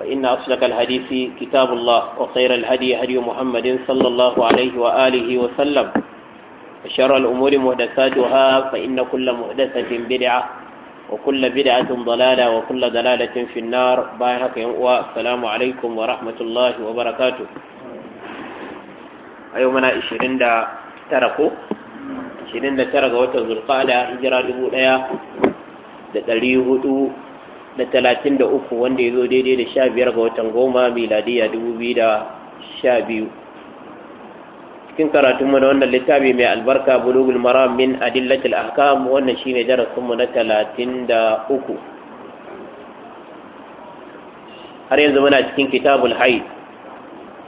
فإن أصدق الحديث كتاب الله وخير الهدي هدي محمد صلى الله عليه وآله وسلم وشر الأمور محدثاتها فإن كل محدثة بدعة وكل بدعة ضلالة وكل ضلالة في النار باهك والسلام عليكم ورحمة الله وبركاته أيومنا إشرين دا تركوا إشرين دا تركوا وتزلقاء دا هجرة دبو da ɗari hudu Na talatin da uku wanda ya zo daidai da sha biyar ga watan goma miladiya dubu biyu da sha biyu cikin karatunmu na wannan littafi mai albarka bulugul maram min adillatil ahkam wannan ne darasinmu na talatin da uku har yanzu muna cikin kitabul haid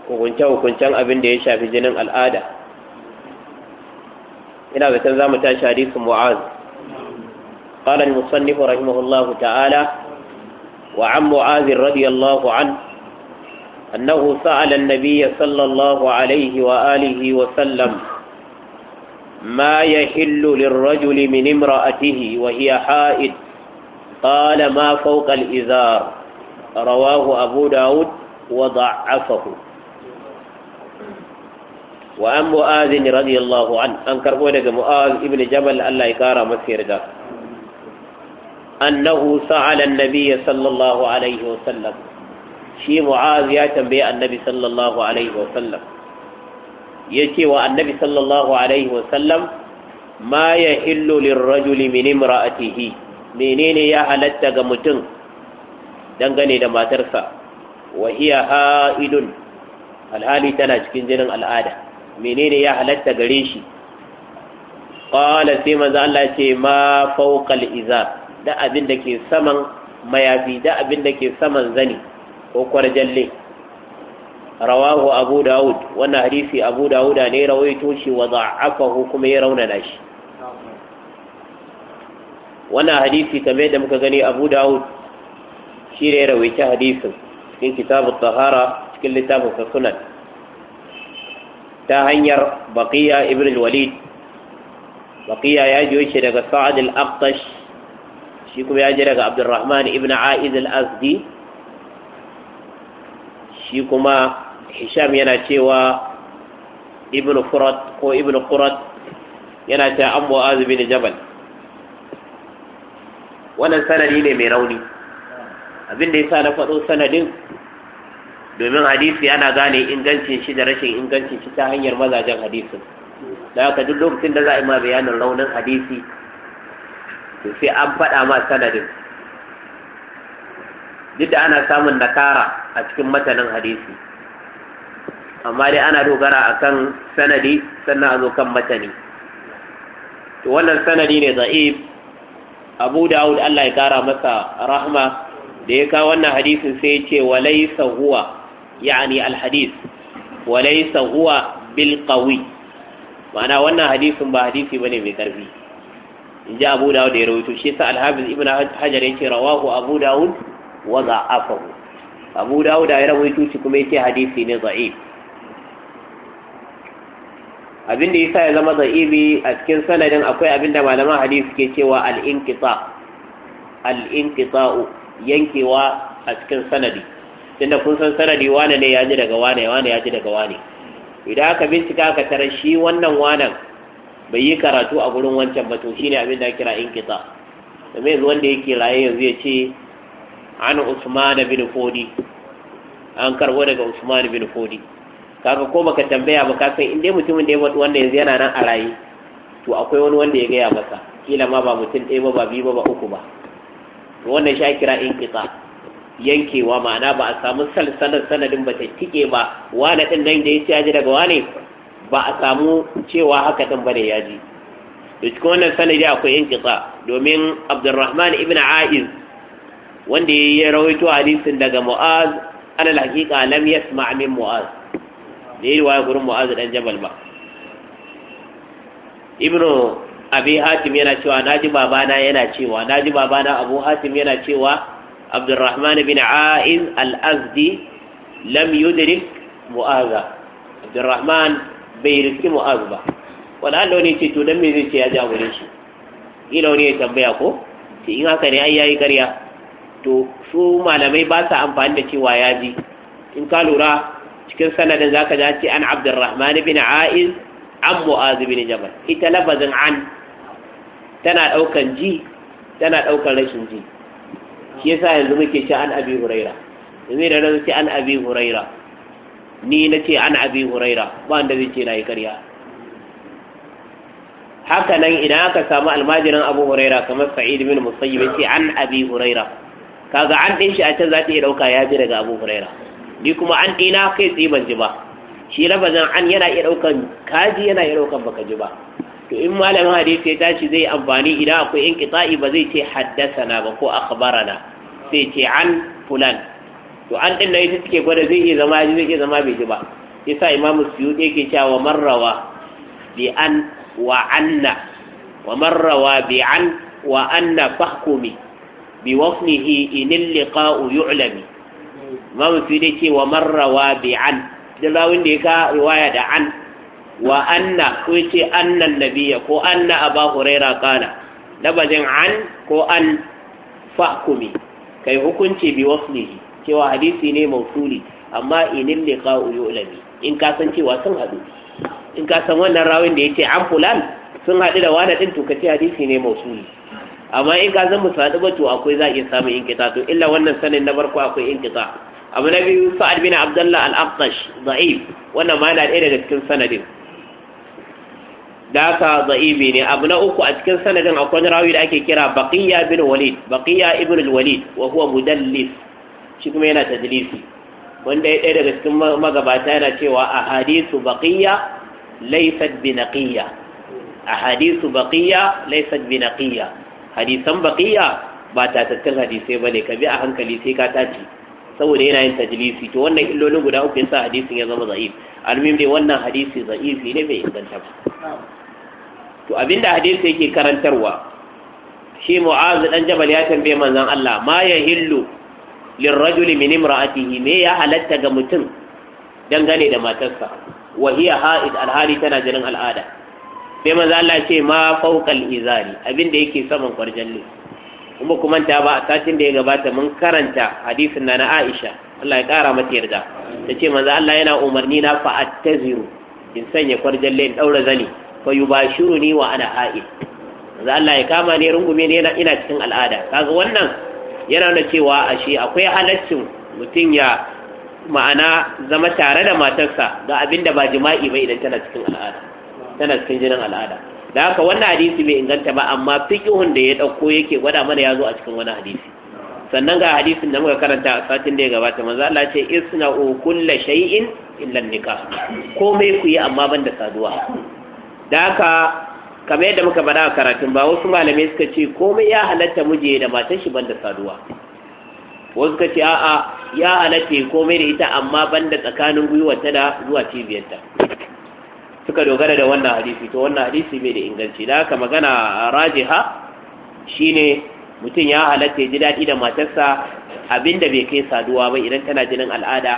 hukunce hukuncen abin da ya shafi jinin al'ada ina can za mu tashi hadisin mu'az قال المصنف رحمه الله تعالى وعن معاذ رضي الله عنه أنه سأل النبي صلى الله عليه وآله وسلم ما يحل للرجل من امرأته وهي حائد قال ما فوق الإزار رواه أبو داود وضعفه وعن معاذ رضي الله عنه أنكر ولد معاذ ابن جبل الله يكرم مسير ده annahu sa'ala an-nabiy sallallahu wa sallam shi mu'az ya tambaye annabi sallallahu alaihi wa sallam yace wa annabi sallallahu alaihi wa sallam ma yahillu lirrajuli min imra'atihi menene ya halatta ga mutum dangane da matarsa wa hiya ha'idun alhali tana cikin jinin al'ada menene ya halatta gare shi qala sai maza Allah ce ma fawqal da abin da ke saman mayafi da abin da ke saman zani ko kwarjalle rawahu abu dawud wannan hadisi abu dawud ne rawaito shi wa za'afahu kuma ya raunana shi wannan hadisi kamar da muka gani abu dawud shi ne rawaice hadisin cikin kitabun tahara cikin littafin sunan ta hanyar baqiya ibn al-walid baqiya ya jiyo shi daga sa'ad al-aqtash shi kuma ya je daga abdurrahman ibn aiz al asdi shi kuma hisham yana cewa ibn furat ko ibn qurat yana ta an mu'az bin jabal wannan sanadi ne mai rauni abin da yasa na faɗo sanadin domin hadisi ana gane ingancin shi da rashin ingancin shi ta hanyar mazajen hadisin da haka duk lokacin da za a yi ma bayanin raunin hadisi to sai an faɗa ma sanadin duk da ana samun nakara a cikin matanin hadisi amma dai ana dogara a kan sanadi sannan a zo kan matani to wannan sanadi ne za'ib abu dawud Allah ya kara masa rahma da ya kawo wannan hadisin sai ya ce walaysa huwa yani alhadis walaysa huwa bil qawi ma'ana wannan hadisin ba hadisi bane mai karfi in ji abu dawud ya rawaito shi yasa alhafiz ibn hajar yace rawahu abu dawud wa za'afahu abu dawud ya rawaito shi kuma yake hadisi ne za'if abin da yasa ya zama za'ibi a cikin sanadin akwai abin da malaman hadisi ke cewa al-inqita al-inqita'u yankewa a cikin sanadi tunda kun san sanadi wane ne ya ji daga wane wane ya ji daga wane idan aka bincika aka tarar shi wannan wanan bai yi karatu a gurin wancan ba to shine abin da kira inkita domin yanzu wanda yake raye yanzu ya ce an Usman bin Fodi an karbo daga Usman bin Fodi kaga ko baka tambaya ba kafin in dai mutumin da ya maɗu, wanda yanzu yana nan a raye to akwai wani wanda ya gaya masa kila ma ba mutum ɗaya ba ba biyu ba ba uku ba To wannan sha kira inkita yankewa ma'ana ba a samu salsalar sanadin ba ta tike ba wane ɗin nan da ya ci daga wane ba a samu cewa haka ɗin bane ya ji to cikin wannan sanadi akwai yin kitsa domin abdurrahman ibn aiz wanda ya rawaito hadisin daga mu'az alal haqiqa lam yasma' min mu'az da yi riwaya gurin mu'az dan jabal ba ibnu abi hatim yana cewa naji babana yana cewa naji babana abu hatim yana cewa abdurrahman Ibn aiz al-azdi lam yudrik mu'aza abdurrahman bai riski mu'azu ba wani allah ne ce to dan me zai ce ya jagore shi ila wani ya tambaya ko ce in haka ne ai yayi karya to su malamai ba sa amfani da cewa ya ji in ka lura cikin sanadin zaka ka ce an abdurrahman bin aiz an mu'azu bin jabal ita lafazin an tana daukan ji tana daukan rashin ji shi yasa yanzu muke ci an abi huraira yanzu da nan ci an abi huraira ni na ce an abi huraira ba wanda zai ce na yi karya haka nan idan aka samu almajirin abu huraira kamar sa'id bin musayyib ce an abi huraira kaga an ɗin shi a can za ta iya ɗauka ya bi daga abu huraira ni kuma an ɗina kai tsi ban ji ba shi lafazin an yana iya ɗaukan kaji yana iya ɗaukan baka ji ba to in malamin hadisi ya tashi zai amfani idan akwai in kitsa'i ba zai ce haddasa na ba ko akhbarana sai ce an fulan to an din ita suke gwada zai iya zama zai iya zama bai ji ba yasa imam suyuti yake cewa marrawa bi an wa anna wa marrawa bi an wa anna fahkumi bi wasnihi in liqa'u yu'lami imam suyuti yake wa marrawa bi an dalawin da ya ka riwaya da an wa anna ko yace annan nabiyya ko anna aba huraira kana labazin an ko an fahkumi kai hukunci bi waslihi cewa hadisi ne mausuli amma inin ne kawo ulami in ka san cewa sun hadu. in ka san wannan rawin da ya ce an fulan sun haɗu da wani ɗin to ka ce hadisi ne mausuli amma in ka san musu haɗu ba to akwai za a iya samun inkita to illa wannan sanin na farko akwai inkita abu na biyu sa'ad bin abdullah al-aqtash da'if wannan ma yana ɗaya daga cikin sanadin da haka ne abu na uku a cikin sanadin akwai rawi da ake kira baqiya bin walid baqiya ibn al-walid wa huwa mudallis shi kuma yana tadlisi wanda ya ɗaya daga cikin magabata yana cewa a hadisu baƙiyya laysat bi naqiyya a hadisu baƙiyya laysat bi naqiyya hadisan baƙiyya ba ta tattar hadisai bane ka bi a hankali sai ka tace saboda yana yin tajlisi to wannan illolin guda uku yasa hadisin ya zama za'if almim dai wannan hadisi za'ifi ne bai inganta ba to abinda hadisi yake karantarwa shi mu'azu dan jabal ya tambaye manzon Allah ma ya hillu lirrajuli min imra'atihi me ya halatta ga mutum dangane da matarsa wa hiya ha'id alhali tana jinin al'ada sai manzo Allah ce ma fawqal izari abin da yake saman kwarjalle kuma kuma ta ba a satin da ya gabata mun karanta hadisin na na Aisha Allah ya kara mata yarda tace manzo Allah yana umarni na fa attaziru in sanya kwarjalle in daura zani fa ne wa ana ha'id manzo Allah ya kama ne rungume ne ina cikin al'ada kaga wannan yana da cewa ashe akwai halaccin mutum ya ma'ana zama tare da matarsa ga abin da ba jima'i ba idan tana cikin al'ada tana cikin jinin al'ada da haka wannan hadisi bai inganta ba amma fiqhun da ya dauko yake gwada mana ya zo a cikin wani hadisi sannan ga hadisin da muka karanta a satin da ya gabata manzo Allah ce isna'u kullu shay'in illa nikah komai ku yi amma banda saduwa da haka kamar yadda muka faɗa a karatun ba wasu malamai suka ce komai ya halatta muje da matan shi banda saduwa wasu suka ce a'a ya halatta komai da ita amma banda tsakanin gwiwar ta da zuwa cibiyarta suka dogara da wannan hadisi to wannan hadisi bai da inganci da haka magana rajiha shine mutum ya halatta ya ji daɗi da matarsa abinda bai kai saduwa ba idan tana jinin al'ada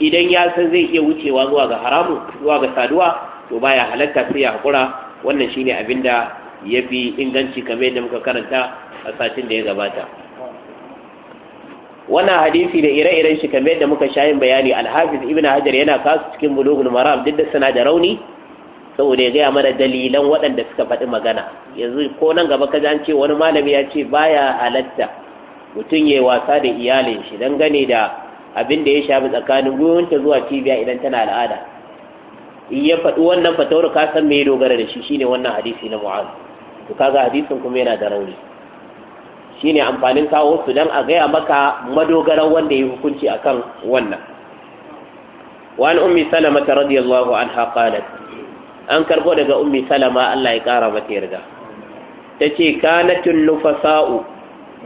idan ya san zai iya wucewa zuwa ga haramu zuwa ga saduwa to baya halatta sai ya haƙura wannan shine abin da ya fi inganci kamar yadda muka karanta a satin da ya gabata wannan hadisi da ire-iren shi kamar yadda muka shayin bayani alhafiz ibn hajar yana kasu cikin bulughul maram duk da suna da rauni saboda ya gaya mana dalilan waɗanda suka faɗi magana yanzu ko nan gaba ka an ce wani malami ya ce baya halatta mutum ya yi wasa da iyalin shi dangane da abin da ya shafi tsakanin gwiwanta zuwa cibiya idan tana al'ada in ya faɗi wannan fatawar ka san me ya dogara da shi shine wannan hadisi na mu'az to kaga hadisin kuma yana da rauni shine amfanin kawo su dan a gaya maka madogaran wanda ya hukunci akan wannan an ummi salama ta radiyallahu anha qalat an karbo daga ummi salama Allah ya kara mata yarda ta ce kanatun nufasa'u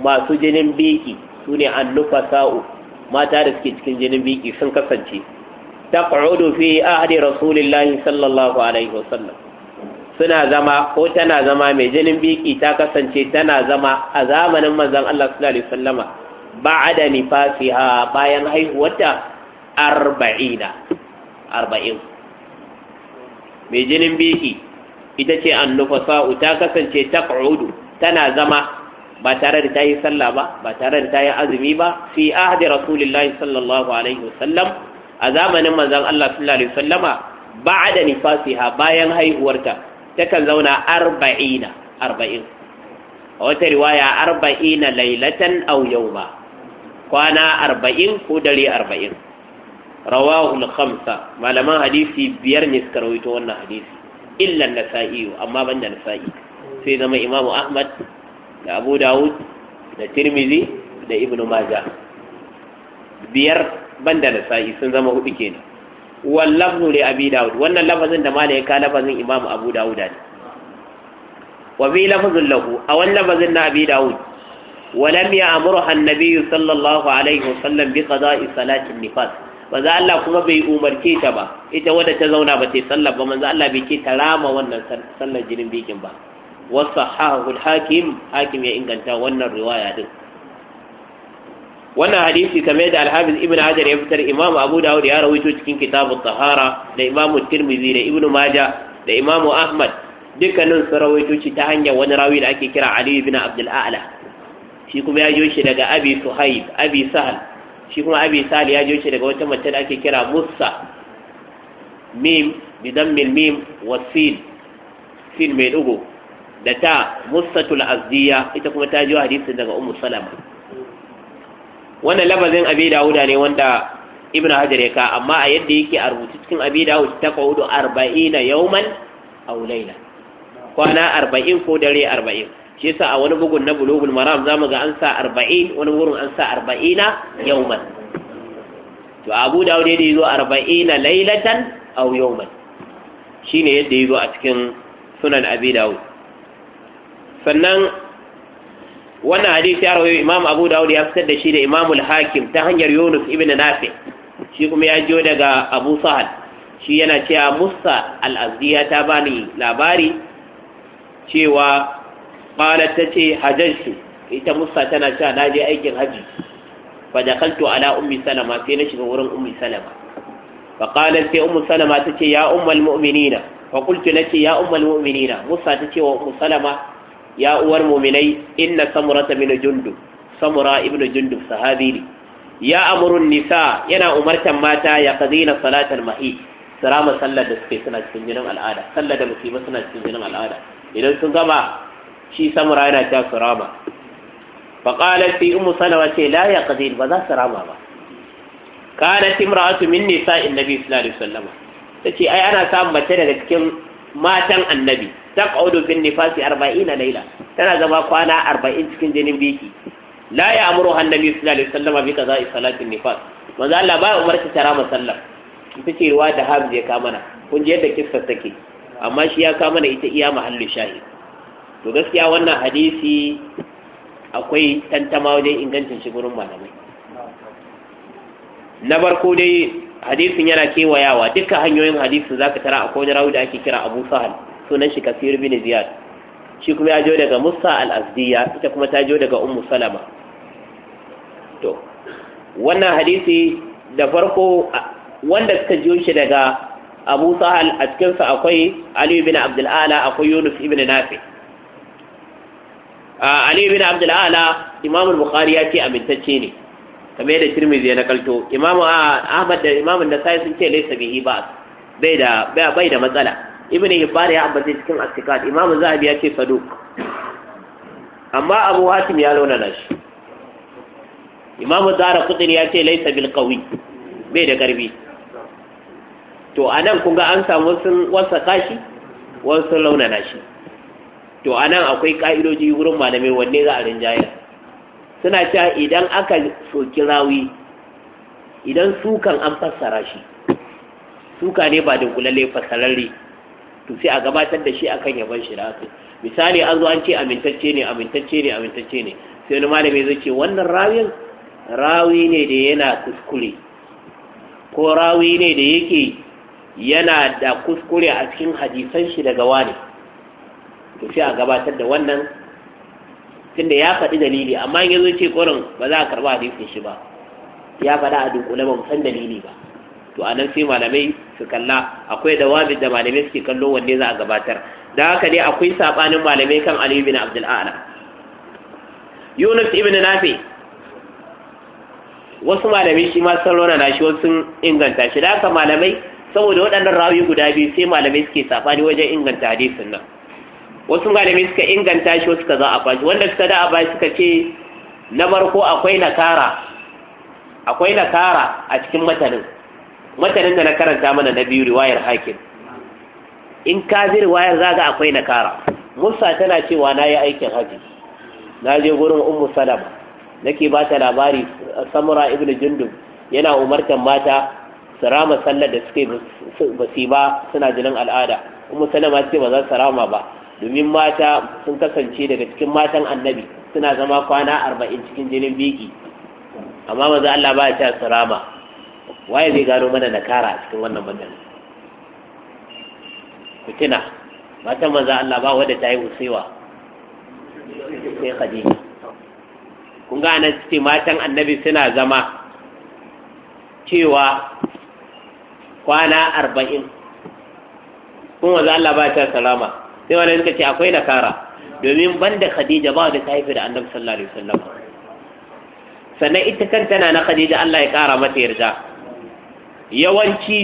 masu jinin biki sune an nufasa'u mata da suke cikin jinin biki sun kasance taqudu fi ahdi rasulillahi sallallahu alaihi wasallam suna zama ko tana zama mai jinin biki ta kasance tana zama a zamanin manzon Allah sallallahu alaihi wasallama ba'ada nifasiha bayan haihuwarta arba'ina arba'in mai jinin biki ita ce annufasa'u ta kasance taq'udu tana zama ba tare da ta yi sallah ba ba tare da ta yi azumi ba fi ahdi rasulillahi sallallahu alaihi wasallam a zamanin manzon Allah sallallahu alaihi wasallama ba'da nifasiha bayan haihuwarta takan zauna arba'ina arba'in a wata riwaya arba'ina Laylatan aw yawma kwana arba'in ko dare arba'in rawahu al-khamsa malaman hadisi biyar ne suka rawaito wannan hadisi illa nasa'i amma banda nasa'i sai zama imamu ahmad da abu dawud da tirmizi da Ibn majah biyar banda nasa'i sun zama hudu kenan wal lafzu li abi daud wannan lafazin da malai ka lafazin imam abu daud ne wa bi lafzin lahu a wannan lafazin na abi daud ولم يأمرها النبي صلى الله عليه وسلم بقضاء صلاة النفاس manzo Allah kuma bai umarce ta ba ita wadda ta zauna ba ta sallar ba manzo Allah bai ce ta rama wannan sallar jinin bikin ba wasu hakim hakim ya inganta wannan riwaya din wannan hadisi kamar yadda alhafiz ibn hajar ya fitar imam abu dawud ya rawaito cikin kitabu tahara da imam tirmidhi da ibn maja da imam ahmad dukkanin sun rawaito shi ta hanyar wani rawi da ake kira ali ibn abdul a'la shi kuma ya jo shi daga abi suhaib abi sahal shi kuma abi sahal ya jo shi daga wata mace da ake kira musa mim bidan mim wasil sin mai dugo da ta musatul azziya ita kuma ta jo hadisin daga ummu salama wannan lafazin abi dawuda ne wanda ibnu hajar ya ka amma a yadda yake a rubuce cikin abi dawud ta qawdu 40 yawman aw layla kwana 40 ko dare 40 shi yasa a wani bugun na bulugul maram zamu ga an sa 40 wani wurin an sa 40 yawman to abu dawud da yazo 40 laylatan aw yawman shine yadda yazo a cikin sunan abi dawud sannan wannan hadisi ya rawayo imam abu dawud ya fitar da shi da imam al-hakim ta hanyar yunus ibn nafi shi kuma ya jiyo daga abu sahal shi yana cewa musa al-azdiya ta bani labari cewa ta ce hajjatu ita musa tana cewa na je aikin haji fa dakaltu ala ummi salama sai na shiga wurin ummi salama fa qalat sai ummi salama ta ce ya ummul mu'minina fa na ce ya ummul mu'minina musa ta ce wa ummu salama ya uwar muminai inna samurata min Jundu, samura ibnu Jundu sahabi ne ya amurun nisa yana umartan mata ya qadina salatal mahi sarama sallar da suke suna cikin jinin al'ada sallar da musulmi suna cikin jinin al'ada idan sun gama shi samura yana ta sarama fa qalat fi ummu salama ce la ya qadin ba za su rama ba kanat imra'atu min nisa'in nabi sallallahu alaihi wasallam tace ai ana samun mace daga cikin matan annabi taqaudu bin nifasi arba'ina laila tana zama kwana arba'in cikin jinin biki la amuru annabi sallallahu alaihi wasallam bi qada'i salatin nifas manzo Allah ba umar ta tara masallam Ficewa ruwa da habs ya kama na kun je yadda kissa take amma shi ya kama na ita iya mahallu shahid to gaskiya wannan hadisi akwai tantama wajen ingancin shi gurin malamai na barko dai hadisin yana kewayawa duka hanyoyin hadisin zaka tara a kowane rawi da ake kira Abu Sahal sunan shi Kasir bin Ziyad shi kuma ya jo daga Musa al-Azdiya ita kuma ta jo daga Ummu Salama to wannan hadisi da farko wanda suka jiyo shi daga Abu Sahal a cikinsa akwai Ali bin Abdul Ala akwai Yunus ibn Nafi Ali bin Abdul Ala Imam Bukhari ya ce amintacce ne kamar yadda Tirmidhi ya nakalto Imam Ahmad da da sai sun ce laysa bihi ba bai da bai da matsala Ibn Hibbar ya ambace cikin Astiqat imamu Zahabi ya ce saduq amma Abu Hatim ya launa shi imamu Zahra kudin ya ce laysa bil qawi bai da karbi to anan kun ga an samu sun wasa kashi wasu launa shi to anan akwai ka'idoji wurin malamai wanne za a rinjaya suna cewa idan aka soki rawi idan sukan an fassara shi suka ne ba da gulalle fassararre to sai a gabatar da shi akan yaban shi da misali an zo an ce amintacce ne amintacce ne amintacce ne sai wani malami zai ce wannan rawin rawi ne da yana kuskure ko rawi ne da yake yana da kuskure a cikin hadisan shi daga wani to sai a gabatar da wannan tunda ya faɗi dalili amma in yazo ce kurin ba za a karba hadisin shi ba ya faɗa a dunkule ba san dalili ba to a nan sai malamai su kalla akwai dawabi da malamai suke kallo wanne za a gabatar da haka dai akwai sabanin malamai kan Ali bin Abdul A'la Yunus ibn Nafi wasu malamai shi ma sun rona shi wasu inganta shi da haka malamai saboda waɗannan rawi guda biyu sai malamai suke saɓani wajen inganta hadisin nan wasu malamai suka inganta shi wasu suka za a bashi wanda suka da a bashi suka ce na farko akwai nakara akwai nakara a cikin matanin matanin da na karanta mana na biyu riwayar hakim in ka bi riwayar zaga ga akwai nakara musa tana cewa na yi aikin haji na je gurin ummu salama nake ba ta labari samura ibnu jundub yana umartan mata su rama sallar da suke basi ba suna jinin al'ada ummu salama ce ba za su rama ba domin mata sun kasance daga cikin matan annabi suna zama kwana arba'in cikin jinin biki amma maza Allah ba ya su rama, waye zai gano mana nakara cikin wannan magana ku tuna matan maza Allah ba wadda ta yi usewa sai khadija kun ga anan cikin matan annabi suna zama cewa kwana arba'in kun maza Allah ba ta salama sai wani suka ce akwai nakara domin ban da khadija ba da ta haifi da annabi sallallahu alaihi wasallam sannan ita kanta na na khadija Allah ya kara mata yarda yawanci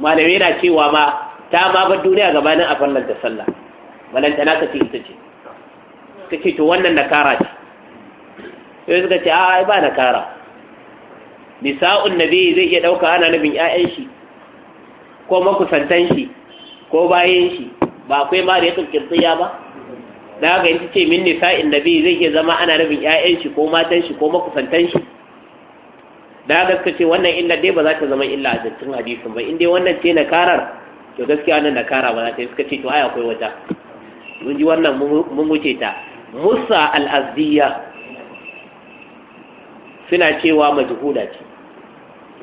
malamai na cewa ma ta ma bar duniya gabanin a da sallah balanta na kace ita ce kace to wannan na nakara ce sai suka ce a ba nakara nisa'un nabi zai iya ɗauka ana nabin 'ya'yan shi ko makusantan shi ko bayan shi ba akwai mariyatul qibtiyya ba da ga in ce min da biyu zai iya zama ana rabin ƴaƴan shi ko matan shi ko makusantan shi da haka suka ce wannan illa dai ba za ta zama illa a zancin hadisin ba in dai wannan ce na karar to gaskiya wannan na kara ba za ta yi suka ce to ai akwai wata mun ji wannan mun wuce ta musa al suna cewa majhula ce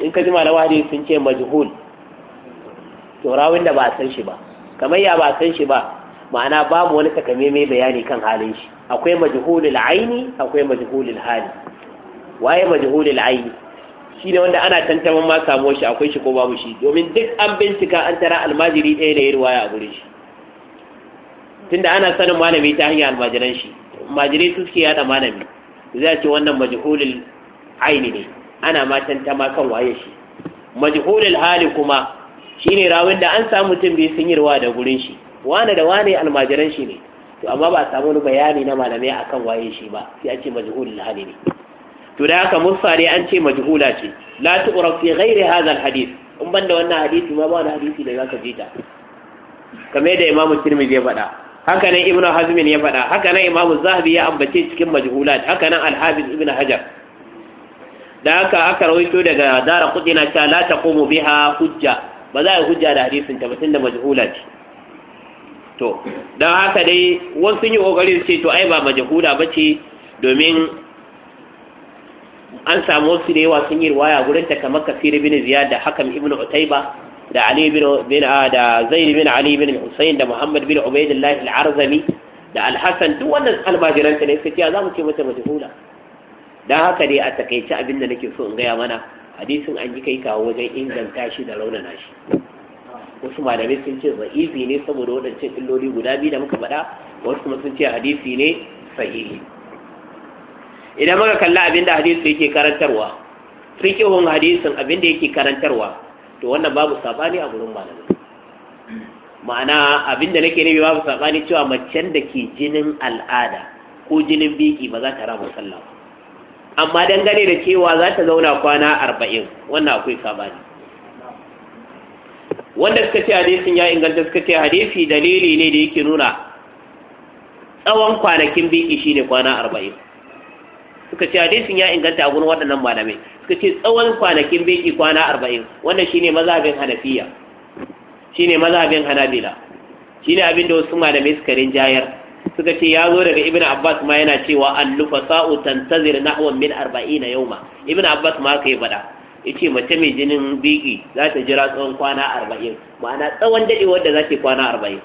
in ka ji malawa sun ce majhul to rawin da ba a san shi ba kamar ya ba san shi ba ma'ana babu wani takamaimai bayani kan halin shi akwai majhulul aini akwai majhulul hali waye majhulul aini shine wanda ana tantaman ma samuwar shi akwai shi ko babu shi domin duk an bincika an tara almajiri ɗaya da ya ruwaya a gurin shi tunda ana sanin malami ta hanyar almajiran shi majiri su suke yada malami za ce wannan majhulul aini ne ana ma tantama kan waye shi majhulul hali kuma Shi ne rawin da an samu mutum biyu sun yi ruwa da gurin shi wane da wane almajiran shi ne to amma ba a samu wani bayani na malamai akan waye shi ba sai an ce majhulul hali ne to da haka musa ne an ce majhula ce la tu'raf fi ghairi hadha alhadith in banda wannan hadisi ma ba wani hadisi da zaka ji ta kamar da imamu tirmidhi ya faɗa haka nan ibnu hazmin ya faɗa haka nan imamu zahabi ya ambace cikin majhulat haka nan al-hafiz ibnu hajar da haka aka rawaito daga dara kudina ta la taqumu biha hujja ba za a yi hujja da hadisin ta ba da majahula ce to don haka dai wasu yi kokari ce to ai ba Majahula ba ce domin an samu wasu da yawa sun yi riwaya gurin ta kamar kasir bin ziyad da hakan ibnu utaiba da ali bin bin ah, da zaid bin ali bin husayn da muhammad bin ubaidillah al-arzami da al-hasan duk wannan almajiran ta ne suka ce za mu ce mata Majahula. Don haka dai a takaice abin da nake so in gaya mana hadisin an yi kai kawo wajen inganta shi da raunana shi wasu malamai sun ce izi ne saboda waɗancan illoli guda biyu da muka faɗa wasu kuma sun ce hadisi ne sahihi idan muka kalla abin da hadisi yake karantarwa fiqhun hadisin abin da yake karantarwa to wannan babu sabani a gurin malamai ma'ana abin da nake nufi babu sabani cewa macen da ke jinin al'ada ko jinin biki ba za ta rama sallah ba amma dangane da cewa za ta zauna kwana arba'in wannan akwai sabani wanda suka ce hadisin ya inganta suka ce hadisi dalili ne da yake nuna tsawon kwanakin biki shi ne kwana arba'in suka ce hadisin ya inganta a gudun waɗannan malamai suka ce tsawon kwanakin biki kwana arba'in wannan ne mazabin hanafiya ne mazabin hanabila ne abin da wasu malamai suka rinjayar suka ce ya zo daga ibn abbas ma yana cewa al Sa'u, tantazir nahwan min yau yawma ibn abbas ma kai bada yace mace mai jinin biki za ta jira tsawon kwana arba'in, ma'ana tsawon dadewar da za ta kwana arba'in.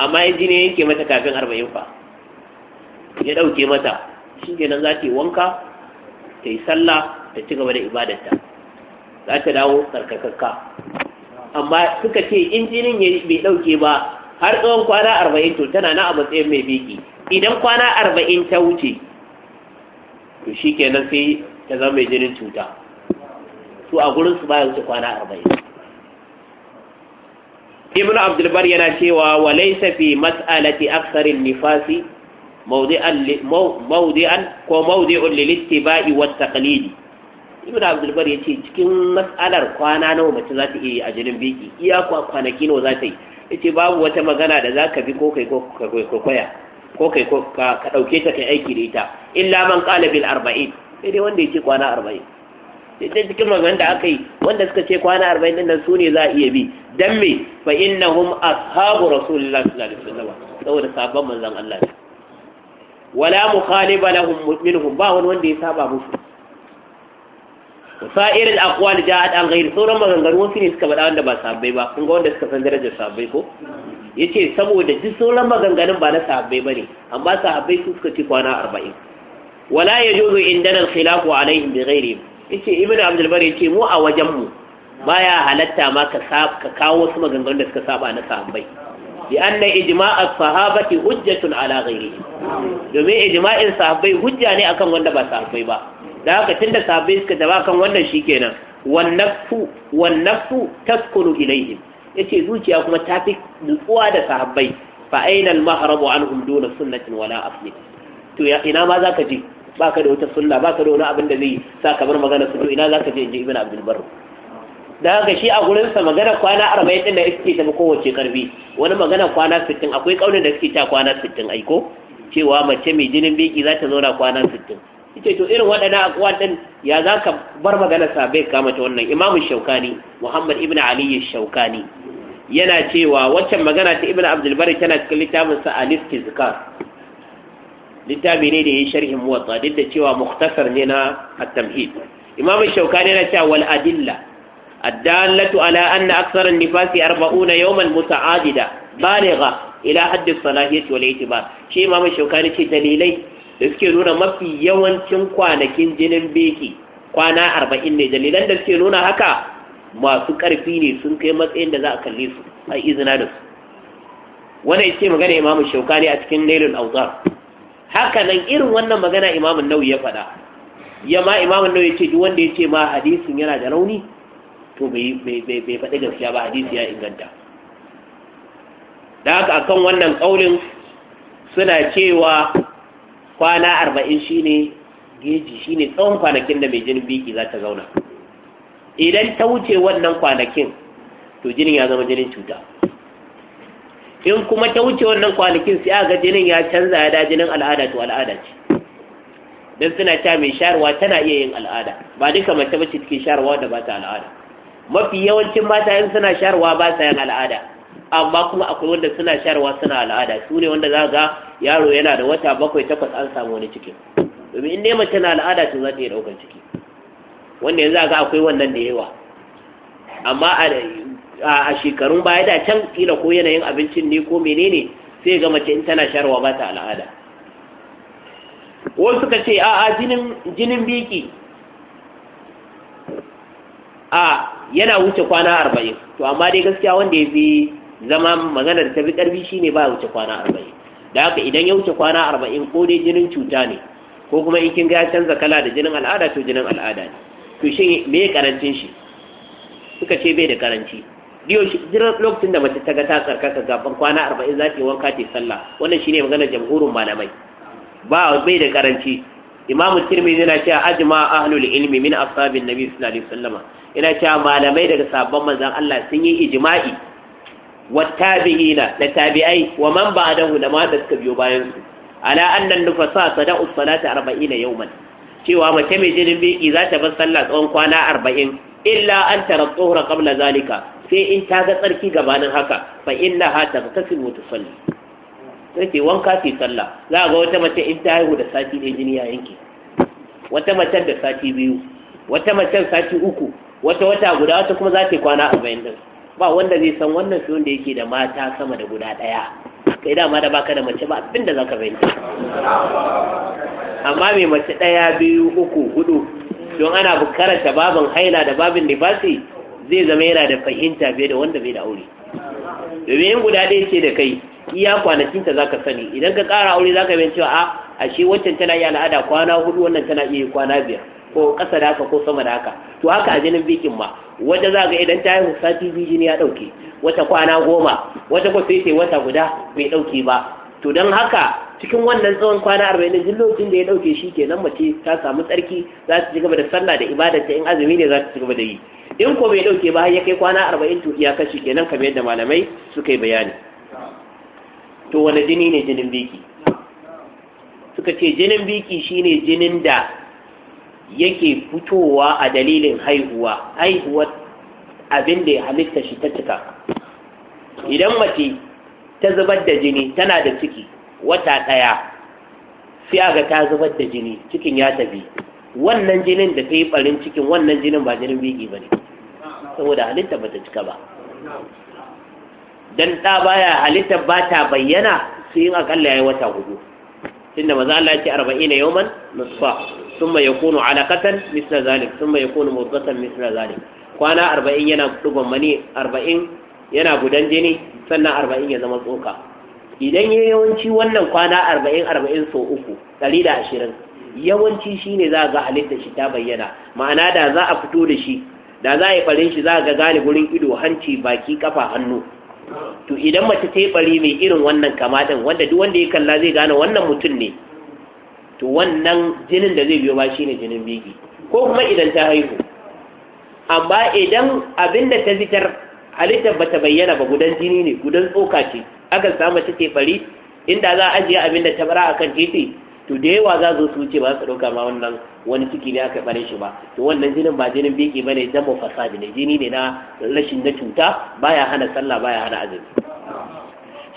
amma ya jini yake mata kafin arba'in fa ya dauke mata shikenan za ta yi wanka ta yi sallah ta ci gaba da ibadarta za ta dawo tsarkakakka amma suka ce in jinin bai ɗauke ba har tsawon kwana arba'in to tana na a matsayin mai biki idan kwana arba'in ta wuce to shi kenan sai ta zama mai jinin cuta su a gurin su baya wuce kwana arba'in ibn abdulbar yana cewa wa laysa fi mas'alati aktsarin nifasi mawdi'an ko mawdi'un lil ittiba'i wat taqlid ibn abdulbar yace cikin mas'alar kwana nawa mace za ta iya a jinin biki iya kwanaki nawa za ta yi ita babu wata magana da za ka bi ko kai ko kwaya ko kai ko ka dauke ta kai aiki da ita illa man qala bil arba'in sai dai wanda ya ce kwana arba'in sai cikin magana da aka yi wanda suka ce kwana arba'in ɗin nan su ne za a iya bi dan me fa innahum ashabu rasulillah sallallahu alaihi wasallam saboda sabon manzon Allah wala mukhaliba lahum minhum ba wani wanda ya saba musu sa'irin aqwal ja'at an ghairi sauran maganganu wasu ne suka faɗa wanda ba sahabbai ba kun wanda suka san darajar sahabbai ko yace saboda duk sauran maganganun ba na ba ne, amma sahabbai su suka ci kwana arba'in. wala yajuzu indana al-khilafu alaihim bi ghairi yace ibnu abdul ya ce mu a wajen mu baya halatta ma ka kawo wasu maganganun da suka saba na sahabbai bi anna ijma'a sahabati hujjatun ala ghairi domin ijma'in sahabbai hujja ne akan wanda ba sahabbai ba da haka da sahabbai suka taba kan wannan shi kenan, wannafu wan nafsu taskunu ilaihim ce zuciya kuma ta fi nutsuwa da sahabbai fa aina al an anhum duna sunnatin wala afli to ya ina ma zaka je baka da wata sunna baka da wani abin da zai sa ka bar magana su to ina zaka je inji ibn abdul barr da haka shi a gurin sa magana kwana 40 din da suke tafi kowace karbi wani magana kwana 60 akwai kaunin da suke ta kwana 60 aiko cewa mace mai jinin beki za ta zauna kwana 60 yace to irin waɗannan aqwal din ya zaka bar magana sabai kama ta wannan imamu shaukani muhammad ibn ali shaukani yana cewa waccan magana ta ibn abdul bari tana cikin littafin sa alif kizkar littafi ne da yayi sharhin muwatta duk da cewa mukhtasar ne na at-tamhid imamu shaukani yana cewa wal adilla الدالة على أن أكثر النفاس أربعون يوما متعاددة بالغة إلى حد الصلاحية والاعتبار شيء ما مشوكاني شيء dalilai. da suke nuna mafi yawancin kwanakin jinin beki kwana arba'in ne dalilan da suke nuna haka masu ƙarfi ne sun kai matsayin da za a kalle su a izina da su wannan ce magana imamu shaukani a cikin Nailun auzar haka nan irin wannan magana imamun nau'i ya faɗa ma imamun ya ce duk wanda ya ce ma hadisin yana da rauni to bai faɗi gaskiya ba hadisi ya inganta da haka akan wannan ƙaunin suna cewa kwana arba'in shine geji shine tsawon kwanakin da mai jinin biki za ta zauna idan ta wuce wannan kwanakin to jinin ya zama jinin cuta in kuma ta wuce wannan kwanakin sai aka jinin ya canza ya da jinin al'ada to al'ada ce don suna ta mai sharwa tana iya yin al'ada ba duka mace ce take sharwa da ba ta al'ada mafi yawancin mata in suna sharwa ba sa yin al'ada amma kuma akwai wanda suna sharwa suna al'ada su ne wanda za ga yaro yana da wata bakwai takwas an samu wani ciki domin in dai mace na al'ada to za ta iya ɗaukar ciki wanda yanzu ga akwai wannan da yawa amma a shekarun baya da can kila ko yanayin abincin ne ko menene sai ga mace in tana sharwa ba ta al'ada wasu suka ce a'a jinin jinin biki a yana wuce kwana arba'in to amma dai gaskiya wanda ya fi zama magana da tafi karfi shine ba wuce kwana arba'in da haka idan ya wuce kwana arba'in ko dai jinin cuta ne ko kuma in kin ga canza kala da jinin al'ada to jinin al'ada ne to shin me karancin shi suka ce bai da karanci biyo shi lokacin da mace ta ga ta tsarkaka gaban kwana arba'in za ta yi wanka ta sallah wannan shine maganar jamhurin malamai ba bai da karanci imamu tirmidhi yana cewa ajma ahlul ilmi min ashabin nabi sallallahu alaihi wasallam yana cewa malamai daga sabon manzon Allah sun yi ijma'i wattabi'ina da tabi'ai wa mamba ba'dahu da ma da suka biyo bayan a ala annan nufasa sada'u salati 40 yawman cewa mace mai jinin biki za ta bar sallah tsawon kwana 40 illa an tara tsohra zalika sai in ta ga tsarki gabanin haka fa innaha tagtasil mutasalli sai ce wanka ce sallah za ga wata mace in ta haihu da sati ɗaya jini ya yanke wata da sati biyu wata sati uku wata wata guda wata kuma kwana arba'in ba wanda zai san wannan fiye wanda yake da mata sama da guda ɗaya kai dama da baka da mace ba abin da zaka fahimta amma mai mace ɗaya biyu uku hudu don ana karanta babin haila da babin fasi zai zama yana da fahimta fiye da wanda bai da aure domin in guda ɗaya ce da kai iya kwanakinta zaka sani idan ka ƙara aure zaka bayan cewa a ah, ashe wancan tana iya al'ada kwana hudu wannan tana iya kwana biyar ko ƙasa da haka ko sama da haka to haka a jinin bikin ma wata za ga idan ta haihu sati biyu jini ya ɗauke wata kwana goma wata ko sai wata guda bai ɗauke ba to don haka cikin wannan tsawon kwana arba'in jin lokacin da ya ɗauke shi ke nan mace ta samu tsarki za su ci gaba da sallah da ibadar ta in azumi ne za su ci gaba da yi in ko bai ɗauke ba ya kai kwana arba'in to iyakar shi kenan kamar yadda malamai suka yi bayani to wani jini ne jinin biki suka ce jinin biki shine jinin da yake fitowa a dalilin haihuwa haihuwar abin da ya halitta shi ta cika idan mace ta zubar da jini tana da ciki wata ɗaya sai aga ta zubar da jini cikin ya tafi wannan jinin da ta yi ɓarin cikin wannan jinin ba jinin bigi ba ne saboda halitta ba ta cika ba dan ɗa baya halitta ba ta bayyana sai yin akalla ya yi wata hudu tunda maza Allah ya ce arba'ina yawman nusfa ya ثم يكون علقة مثل ذلك ya يكون مضغة مثل ذلك kwana arba'in yana ɗigon mani arba'in yana gudan jini sannan arba'in ya zama tsoka idan ya yawanci wannan kwana arba'in arba'in sau uku ɗari da ashirin yawanci shi ne za a ga halitta shi ta bayyana ma'ana da za a fito da shi da za a yi ɓarin shi za a ga gane gurin ido hanci baki kafa hannu to idan mace ta yi ɓari mai irin wannan kama wanda duk wanda ya kalla zai gane wannan mutum ne to wannan jinin da zai biyo ba shine jinin biki ko kuma idan ta haihu amma idan abin da ta fitar halittar bata bayyana ba gudan jini ne gudan tsoka ce aka samu ta ce inda za a ajiye abin da ta bara akan titi to da yawa za zo su wuce ba su ɗauka ma wannan wani ciki ne aka barin shi ba to wannan jinin ba jinin biki ba ne damo fasadi ne jini ne na rashin na cuta baya hana sallah baya hana azumi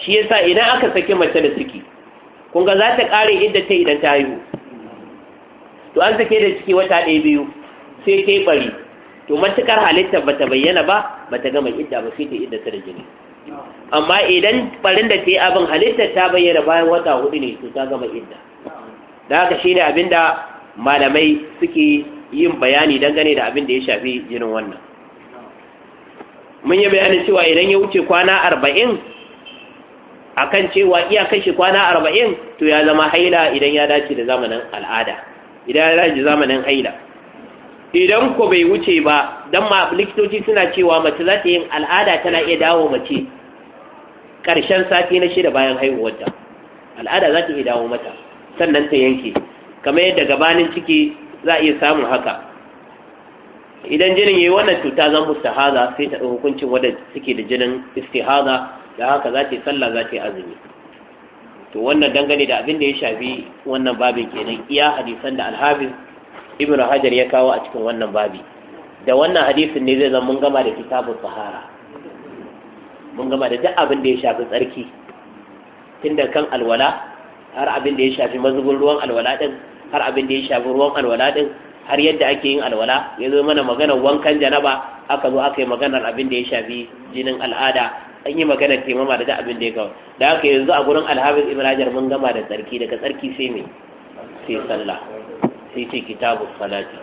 shi yasa idan aka saki mace da ciki kun ga za ta ƙare idda ta idan ta haihu to an sake da ciki wata ɗaya biyu sai ta yi ɓari to matukar halitta ba ta bayyana ba ba ta gama idda ba sai ta idda ta da jini amma idan ɓarin da ta yi abin halittar ta bayyana bayan wata hudu ne to ta gama idda da haka ne abin da malamai suke yin bayani dangane da abin da ya shafi jinin wannan mun yi bayanin cewa idan ya wuce kwana arba'in akan cewa iya kashe kwana arba'in to ya zama haila idan ya dace da zamanin al'ada idan ya dace zamanin haila idan ko bai wuce ba dan ma likitoci suna cewa mace za ta yin al'ada tana iya dawo mace karshen sati na shida bayan haihuwarta al'ada za ta iya dawo mata sannan ta yanke kamar yadda gabanin ciki za a iya samun haka idan jinin yayi wannan cuta zan mustahaza sai ta hukuncin wanda suke da jinin istihaza da haka za ta yi sallah za ta yi azumi to wannan dangane da abin da ya shafi wannan babin kenan iya hadisan da alhabin, ibn hajar ya kawo a cikin wannan babi da wannan hadisin ne zai zama mun gama da kitabun sahara mun gama da duk abin da ya shafi tsarki tun da kan alwala har abin da ya shafi mazubin ruwan alwala din har abin da ya shafi ruwan alwala din har yadda ake yin alwala ya zo mana maganar wankan janaba aka zo aka yi maganar abin da ya shafi jinin al'ada an yi magana taimama da abin da ya kawo da haka yanzu a gurin alhafiz ibn hajar mun gama da tsarki daga tsarki sai me sai sallah sai ce kitabu salati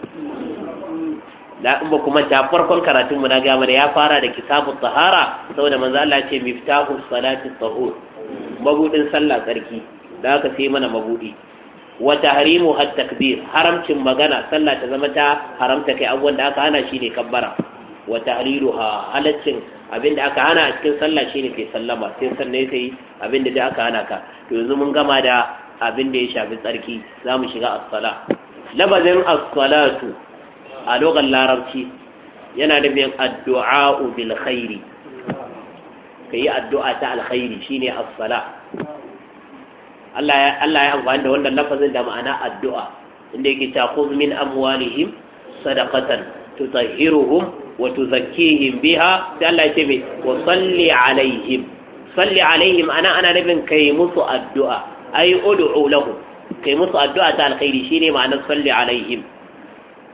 da in ba kuma ta farkon karatun mu na ga mana ya fara da kitabu tahara saboda manzo Allah ce miftahu salati tahur mabudin sallah tsarki da haka sai mana mabudi wa tahrimu hat takbir haramcin magana sallah ta zama ta haramta kai abubuwan da aka hana shi ne kabbara wa tahriruha halaccin abinda aka hana a cikin sallah shine ke sallama sai sannan sai abinda da aka hana ka to yanzu mun gama da abinda ya shafi tsarki zamu shiga as-sala labazin as-salatu a lokacin larabci yana nufin addu'a bil khairi kai addu'a ta alkhairi shine as-sala Allah ya amfani da wannan lafazin da ma'ana addu'a inda yake ta min amwalihim sadaqatan tutahhiruhum wa tuzakkihim biha sai Allah ya ce mai wa salli alaihim salli alaihim ana ana nufin kai musu addu'a ai ud'u lahum kai musu addu'a ta alkhairi shine ma'anar salli alaihim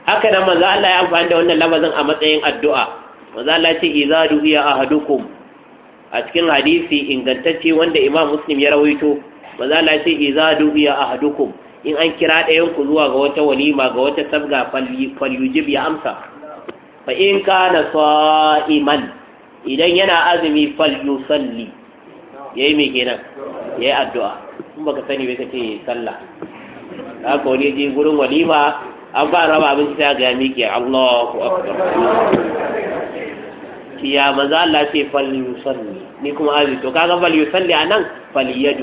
haka nan manzo Allah ya amfani da wannan lafazin a matsayin addu'a manzo Allah ya ce idza du'iya ahadukum a cikin hadisi ingantacce wanda Imam Muslim ya rawaito manzo Allah ya ce idza du'iya ahadukum in an kira ɗayan ku zuwa ga wata walima ga wata sabga yu'jib ya amsa fa in kana sa'iman idan yana azumi ya yayi me kenan yayi addu'a in baka sani bai kace sallah haka wani je gurin walima an ba raba abinci ta ga miki Allahu akbar ya maza Allah ce falyusalli ni kuma azumi to kaga falyusalli anan ya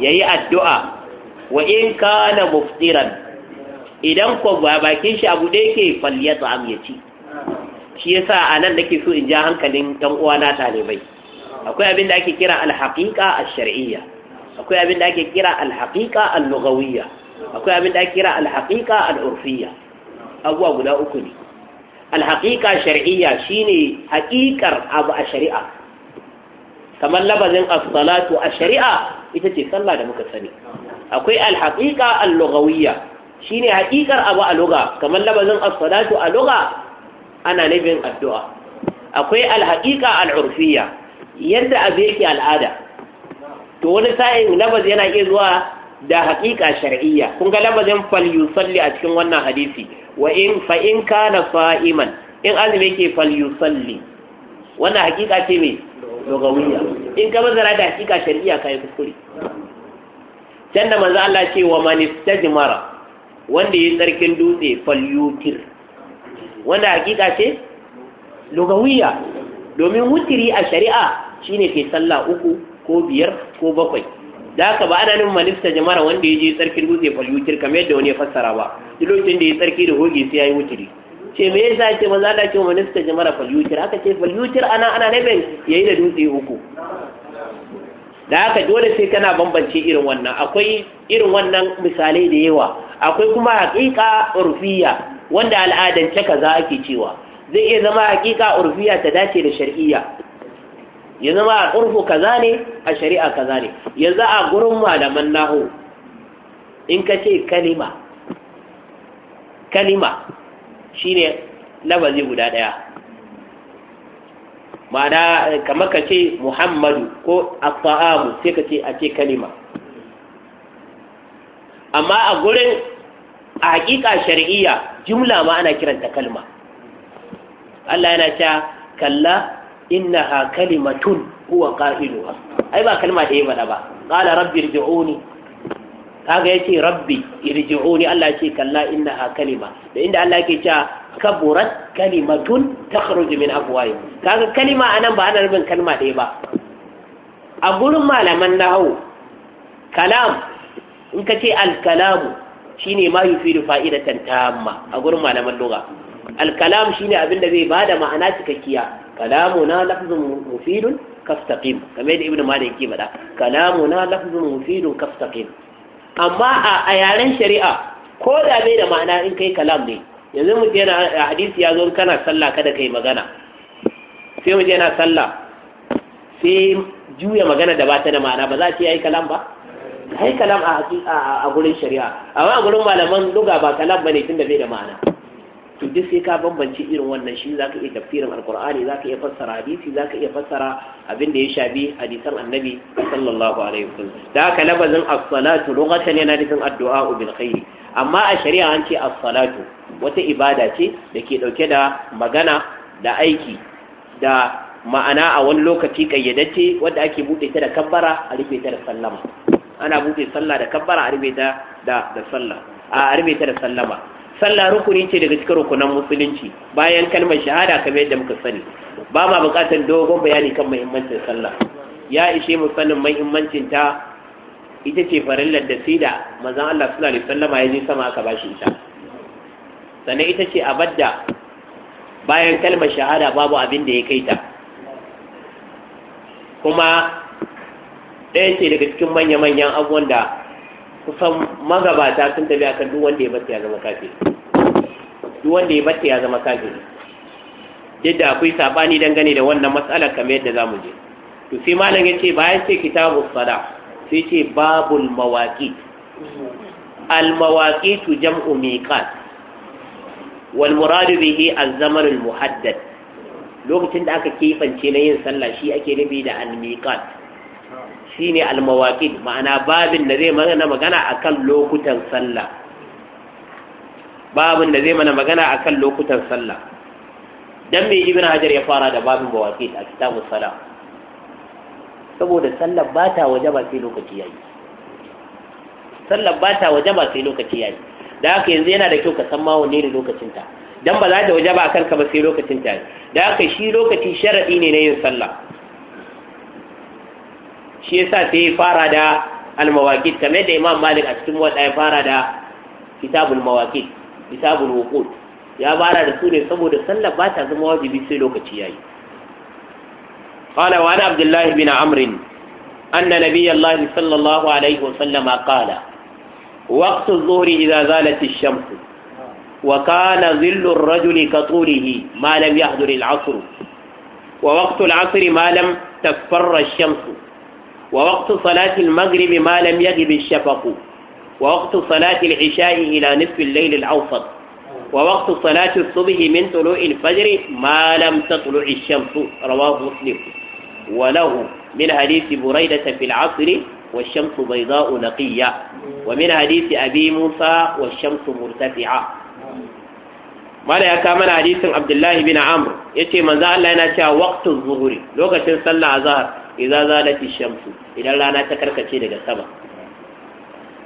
yayi addu'a wa in kana muftiran idan ko ba bakin shi abu da yake falyat'am ya ci shi yasa a nan nake so in ja hankalin ɗan uwana talibai akwai abin da ake kira alhaƙiƙa a shar'iyya akwai abin da ake kira alhaƙiƙa al-lughawiyya akwai abin da ake kira alhaƙiƙa al-urfiyya abuwa guda uku ne alhaƙiƙa shar'iyya shine haƙiƙar abu a shari'a kamar labazin as-salatu a shari'a ita ce sallah da muka sani akwai alhaƙiƙa al-lughawiyya shine haƙiƙar abu a lugha kamar labazin as-salatu a lugha ana nufin addu'a akwai alhaƙiƙa al'urfiya yadda abu yake al'ada to wani sa'in labaz yana iya zuwa da haƙiƙa shar'iyya kun ga labazin fal a cikin wannan hadisi wa in fa in kana sa'iman in azumi yake fal yusalli wannan haƙiƙa ce mai dogawiya in ka bazara da haƙiƙa shar'iyya kai kuskure can da manzo Allah ce wa man wanda wanda yi tsarkin dutse falyutir wanda hakika ce lugawiya domin wutiri a shari'a shine ke sallah uku ko biyar ko bakwai da haka ba ana nufin manifta jamara wanda ya je tsarkin dutse falyutir kamar yadda wani ya fassara ba lokacin da ya tsarki da hoge sai ya yi wutiri ce me yasa ce maza da ce malifta jama'a falyutir aka ce falyutir ana ana nufin ya yi da dutse uku da haka dole sai kana bambance irin wannan akwai irin wannan misalai da yawa akwai kuma hakika urfiya wanda al'adance kaza ake cewa zai iya zama hakika urfiya ta dace da shar'iyya ya zama a urfu kaza ne a shari'a kaza ne yanzu a gurin malaman nahu in ka ce kalima kalima shine labazi guda ɗaya. ma'ana kamar ka ce muhammadu ko afa'amu sai ka ce a ce kalima amma a gurin a haƙiƙa shar'iyya jumla ma ana kiranta kalma Allah yana cewa kalla innaha kalimatun huwa qailuha ai ba kalma da ya faɗa ba qala rabbi irji'uni kaga yace rabbi irji'uni Allah ce kalla innaha kalima da inda Allah yake cewa kaburat kalimatun takhruju min afwahi kaga kalima anan ba ana nufin kalma ɗaya ba a gurin malaman nahawu kalam in ka ce al-kalamu. shine ma yufidu fa'idatan tamma a gurin malaman lugha al-kalam shine abin da zai ba da ma'ana cikakkiya kalamuna lafzun mufidun kastaqim kamar da Ibn malik yake faɗa kalamuna lafzun mufidun kastaqim amma a yaren shari'a ko da bai da ma'ana in kai kalam ne yanzu mutum yana hadisi ya zo kana sallah kada kai magana sai yana sallah sai juya magana da ba ta da ma'ana ba za a ce yayi kalam ba kai kalam a gurin shari'a amma a gurin malaman luga ba kalam tun da bai da ma'ana to duk sai ka bambance irin wannan shi zaka iya tafsirin alqur'ani zaka iya fassara hadisi zaka iya fassara abin da ya shafi hadisan annabi sallallahu alaihi wasallam da haka labazin as-salatu lughatan yana nufin addu'a bil khair amma a shari'a an ce as-salatu wata ibada ce da ke dauke da magana da aiki da ma'ana a wani lokaci kayyadacce wadda ake buɗe ta da kabbara a rufe ta da sallama ana buɗe sallah da kabbara a rube ta da sallah a rube ta da sallama sallah rukuni ce daga cikin rukunan musulunci bayan kalmar shahada kamar yadda muka sani ba ma buƙatar dogon bayani kan muhimmancin sallah ya ishe mu sanin muhimmancin ta ita ce farillar da sida manzon Allah sallallahu alaihi wasallama ya ji sama aka bashi ita sannan ita ce abadda bayan kalmar shahada babu abin da ya kai ta kuma ɗaya ce daga cikin manya-manyan abubuwan da kusan magabata sun tafi akan duk wanda ya bace ya zama kafiri duk wanda ya bace ya zama kafiri duk da akwai sabani dangane da wannan matsalar kamar yadda zamu je to sai malam yace bayan ce kitabu sada sai ce babul mawaqit al mawaqitu jam'u miqat wal muradu bihi al zaman al muhaddad lokacin da aka kifance na yin sallah shi ake nufi da al miqat shine al ma'ana babin da zai mana magana akan lokutan sallah babin da zai mana magana akan lokutan sallah dan me ibn hajar ya fara da babin mawaqit a kitabus salah saboda sallah ba ta wajaba sai lokaci yayi sallah ba ta wajaba sai lokaci yayi da haka yanzu yana da kyau ka san ma wanne ne lokacin ta dan ba za ta wajaba akan ka ba sai lokacin ta da haka shi lokaci sharadi ne na yin sallah shi yasa sai ya fara da almawakit kamar da Imam Malik a cikin wanda ya fara da kitabul mawaqit kitabul wuqut ya fara da su ne saboda sallar ba ta zama wajibi sai lokaci yayi قال وعن nabi الله بن عمرو أن نبي الله صلى الله عليه وسلم قال وقت الظهر إذا زالت الشمس وكان ظل الرجل كطوله ما لم يحضر العصر ووقت العصر ما لم تفر الشمس ووقت صلاة المغرب ما لم يغب الشفق ووقت صلاة العشاء إلى نصف الليل الأوسط ووقت صلاة الصبح من طلوع الفجر ما لم تطلع الشمس رواه مسلم وله من حديث بريدة في العصر والشمس بيضاء نقية ومن حديث أبي موسى والشمس مرتفعة ما لا يكامل حديث عبد الله بن عمرو يتي من ذا الله ينشأ وقت الظهر لوكة صلى الظهر idza zalat ash-shamsu idan rana ta karkace daga sama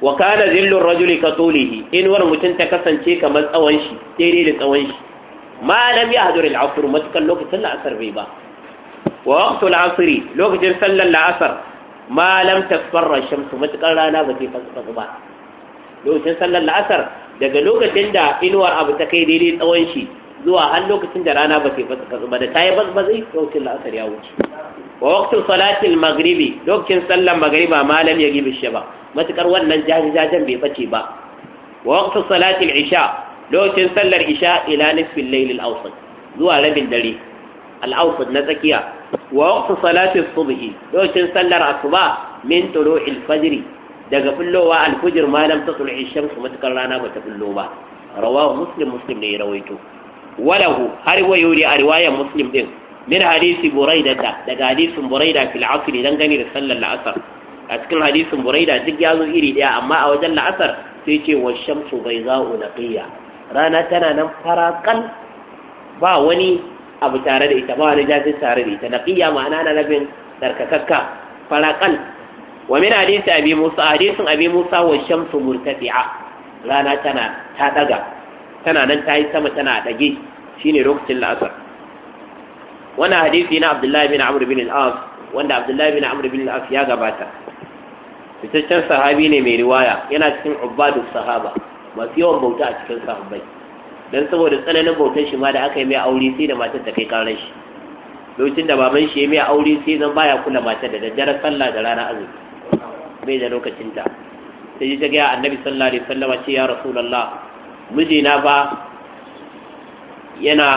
wa kana zillur rajuli ka tulihi inuwar mutum ta kasance kamar tsawon shi daidai da tsawon shi ma lam yahdur al-asr matakan lokacin la'asar bai ba wa al-asr lokacin sallar la'asar ma lam tasfarra shamsu matakan rana ba ta fasu ba lokacin sallar la'asar daga lokacin da inuwar abu ta kai daidai tsawon shi zuwa har lokacin da rana ba ta yi ba da ta yi ba zai lokacin la'asar ya wuce wa waqtul salatin maghribi lokacin sallan maghriba malam ya gibi ba, matukar wannan jajajen bai bace ba wa waqtul salatin isha lokacin sallar isha ila nisfil layl al zuwa rabin dare al na tsakiya wa waqtul salatin subhi lokacin sallar asuba min tulu'il fajr daga bullowa al-fajr malam tasul ishamsu matukar rana ba ta ba rawahu muslim muslim ne ya rawaito walahu har wa yuri a riwayar muslim ɗin? min hadisi buraida daga hadisin buraida fil asr dan gani da sallar la'asar a cikin hadisin buraida duk ya zo iri daya amma a wajen la'asar sai ce wa shamsu bayda'u naqiya rana tana nan farakan ba wani abu tare da ita ba wani jazin tare da ita ma'ana na ومن حديث أبي موسى حديث أبي موسى والشمس مرتفعة لا نتنا تدقى tana nan ta yi sama tana shi shine lokacin la'asar wannan hadisi na abdullahi bin amr bin al'af wanda abdullahi bin amr bin al'af ya gabata fitaccen sahabi ne mai riwaya yana cikin Obadu sahaba masu yawan bauta a cikin sahabbai dan saboda tsananin bautar shi ma da aka yi mai aure sai da matar ta kai karan shi lokacin da baban shi ya mai aure sai zan baya kula matar da daddare sallah da rana azumi bai da lokacinta sai ta gaya annabi sallallahu alaihi ce ya rasulallah mijina ba yana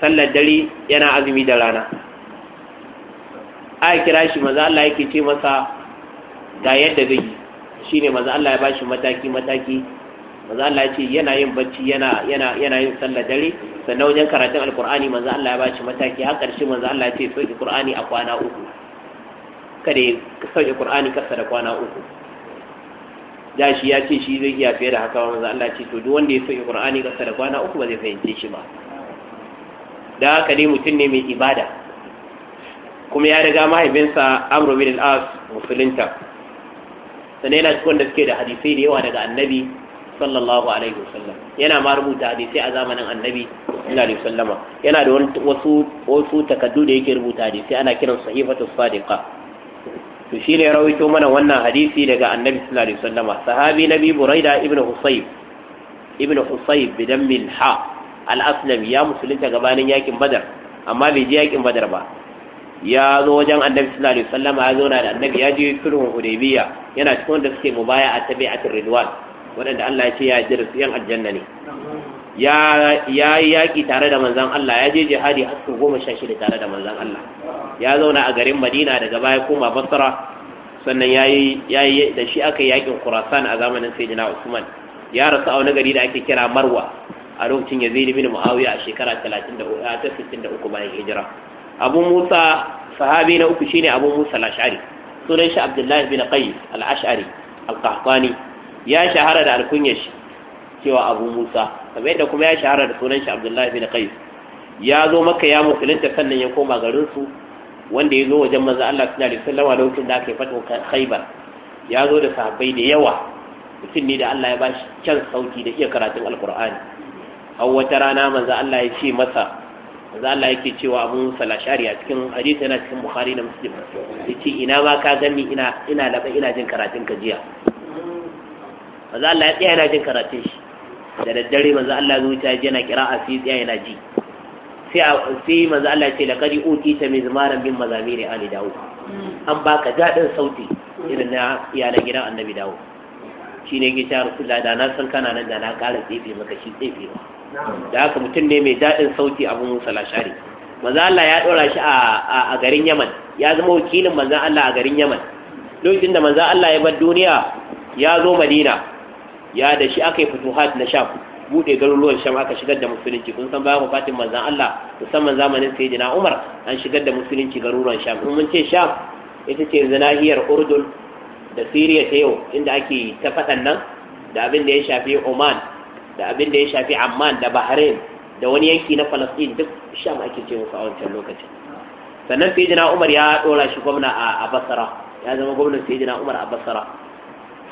sallar dare yana azumi da rana aka kira shi maza Allah yake ce masa ga yadda zai yi ne maza Allah ya ba shi mataki mataki maza Allah ya ce yana yin bacci yana yin sallar dare sannan wajen karatun alkur'ani maza Allah ya ba shi mataki a karshe maza Allah ya ce sauƙi kur'ani a kwana uku kada ya sauƙi kur'ani kasa da kwana uku da shi ya ce shi zai iya fiye da haka manzo Allah ce to duk wanda ya soke Qur'ani kasa da kwana uku ba zai fahimce shi ba da haka dai mutum ne mai ibada kuma ya riga mahaifinsa Amr bin al-As musulunta sannan yana cikin da suke da hadisai da yawa daga annabi sallallahu alaihi wasallam yana ma rubuta hadisai a zamanin annabi sallallahu alaihi wasallama yana da wasu wasu takaddu da yake rubuta hadisai ana kiran sahifatu sadiqa to shine ya rawaito mana wannan hadisi daga annabi sallallahu alaihi wasallam sahabi nabi buraida ibn husayb ibn husayb bidan milha al aslam ya musulunta gabanin yakin badar amma bai je yakin badar ba ya zo wajen annabi sallallahu alaihi wasallam ya zo na da annabi ya je sulhun hudaybiya yana cikin wanda suke mubaya a tabi'atul ridwan waɗanda Allah ya ce ya ji su yan aljanna ne ya yaƙi tare da manzan Allah ya je jihadi har goma sha shida tare da manzan Allah ya zauna a garin madina daga baya koma basra sannan ya yi da shi aka yakin khurasan a zamanin sayyidina usman ya rasu a wani gari da ake kira marwa a lokacin ya yazid bin muawiya a shekara 33 bayan hijira abu musa sahabi na uku shine abu musa al-ash'ari sunan shi abdullahi bin qais al-ash'ari al-qahtani ya shahara da alkunyar shi cewa abu musa kamar yadda kuma ya shahara da sunan shi abdullahi bin qais ya zo maka ya musulunta sannan ya koma garin su wanda ya zo wajen manzo Allah sallallahu alaihi wasallam lokacin da aka yi fatu Khaibar ya zo da sahabbai da yawa mutum ne da Allah ya bashi can sauki da iya karatun Alkur'ani har wata rana manzo Allah ya ce masa manzo Allah yake cewa Abu Salashari a cikin hadisi yana cikin Bukhari da Muslim ce ina ma ka gani ina ina laba ina jin karatun ka jiya manzo Allah ya tsaya yana jin karatun shi da daddare manzo Allah ya zo ta yana kira'a sai tsaya yana ji sai sai manzo Allah ce laqad utita mizmaran min mazamiri ali dawo. an baka dadin sauti irin na iyalan gidan annabi Shi ne yake ta rasulullah da na san kana nan da na ƙara tsefe maka shi tsefe da haka mutum ne mai dadin sauti abu musa lashari manzo Allah ya dora shi a garin Yaman ya zama wakilin manzo Allah a garin Yaman lokacin da manzo Allah ya bar duniya ya zo Madina ya da shi aka yi futuhat na Sham bude garuruwan sham aka shigar da musulunci kun san bayan wafatin manzon Allah musamman zamanin sayyidina Umar an shigar da musulunci garuruwan sham in mun ce sham ita ce zinahiyar nahiyar Urdun da Syria ta yau inda ake ta faɗan nan da abin da ya shafi Oman da abin da ya shafi Amman da Bahrain da wani yanki na Palestine duk sham ake ce musu a wancan lokacin sannan sayyidina Umar ya dora shi gwamna a Basra ya zama gwamnan sayyidina Umar a Basra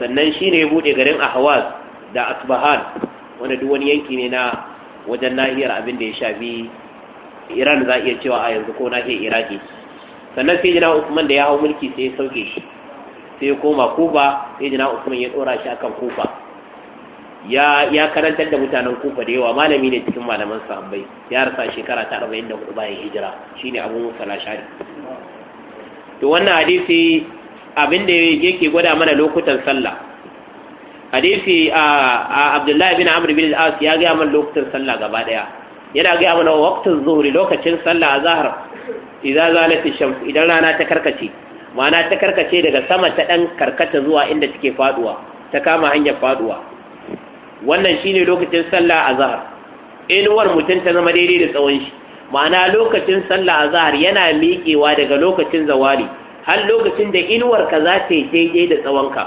sannan shine ya bude garin Ahwaz da Asbahan wanda duk wani yanki ne na wajen nahiyar abin da ya shafi iran za a iya cewa a yanzu ko nahiyar iraki sannan sai jina usman da ya hau mulki sai ya sauke shi sai ya koma kufa sai jina usman ya dora shi akan kufa ya ya karantar da mutanen kufa da yawa malami ne cikin malaman sahabbai ya rasa shekara ta 44 bayan hijira shine abu musa shari. to wannan hadisi abin da yake gwada mana lokutan sallah hadisi a abdullahi bin amr bin al-as ya gaya mana lokacin sallah gaba daya yana gaya mana waqtin zuhri lokacin sallah azhar idza zalat ash-shams idan rana ta karkace ma'ana ta karkace daga sama ta dan karkata zuwa inda take faduwa ta kama hanyar faduwa wannan shine lokacin sallah azhar inuwar mutum ta zama daidai da tsawon shi ma'ana lokacin sallah azhar yana miƙewa daga lokacin zawali har lokacin da inuwar ka za ta yi daidai da tsawonka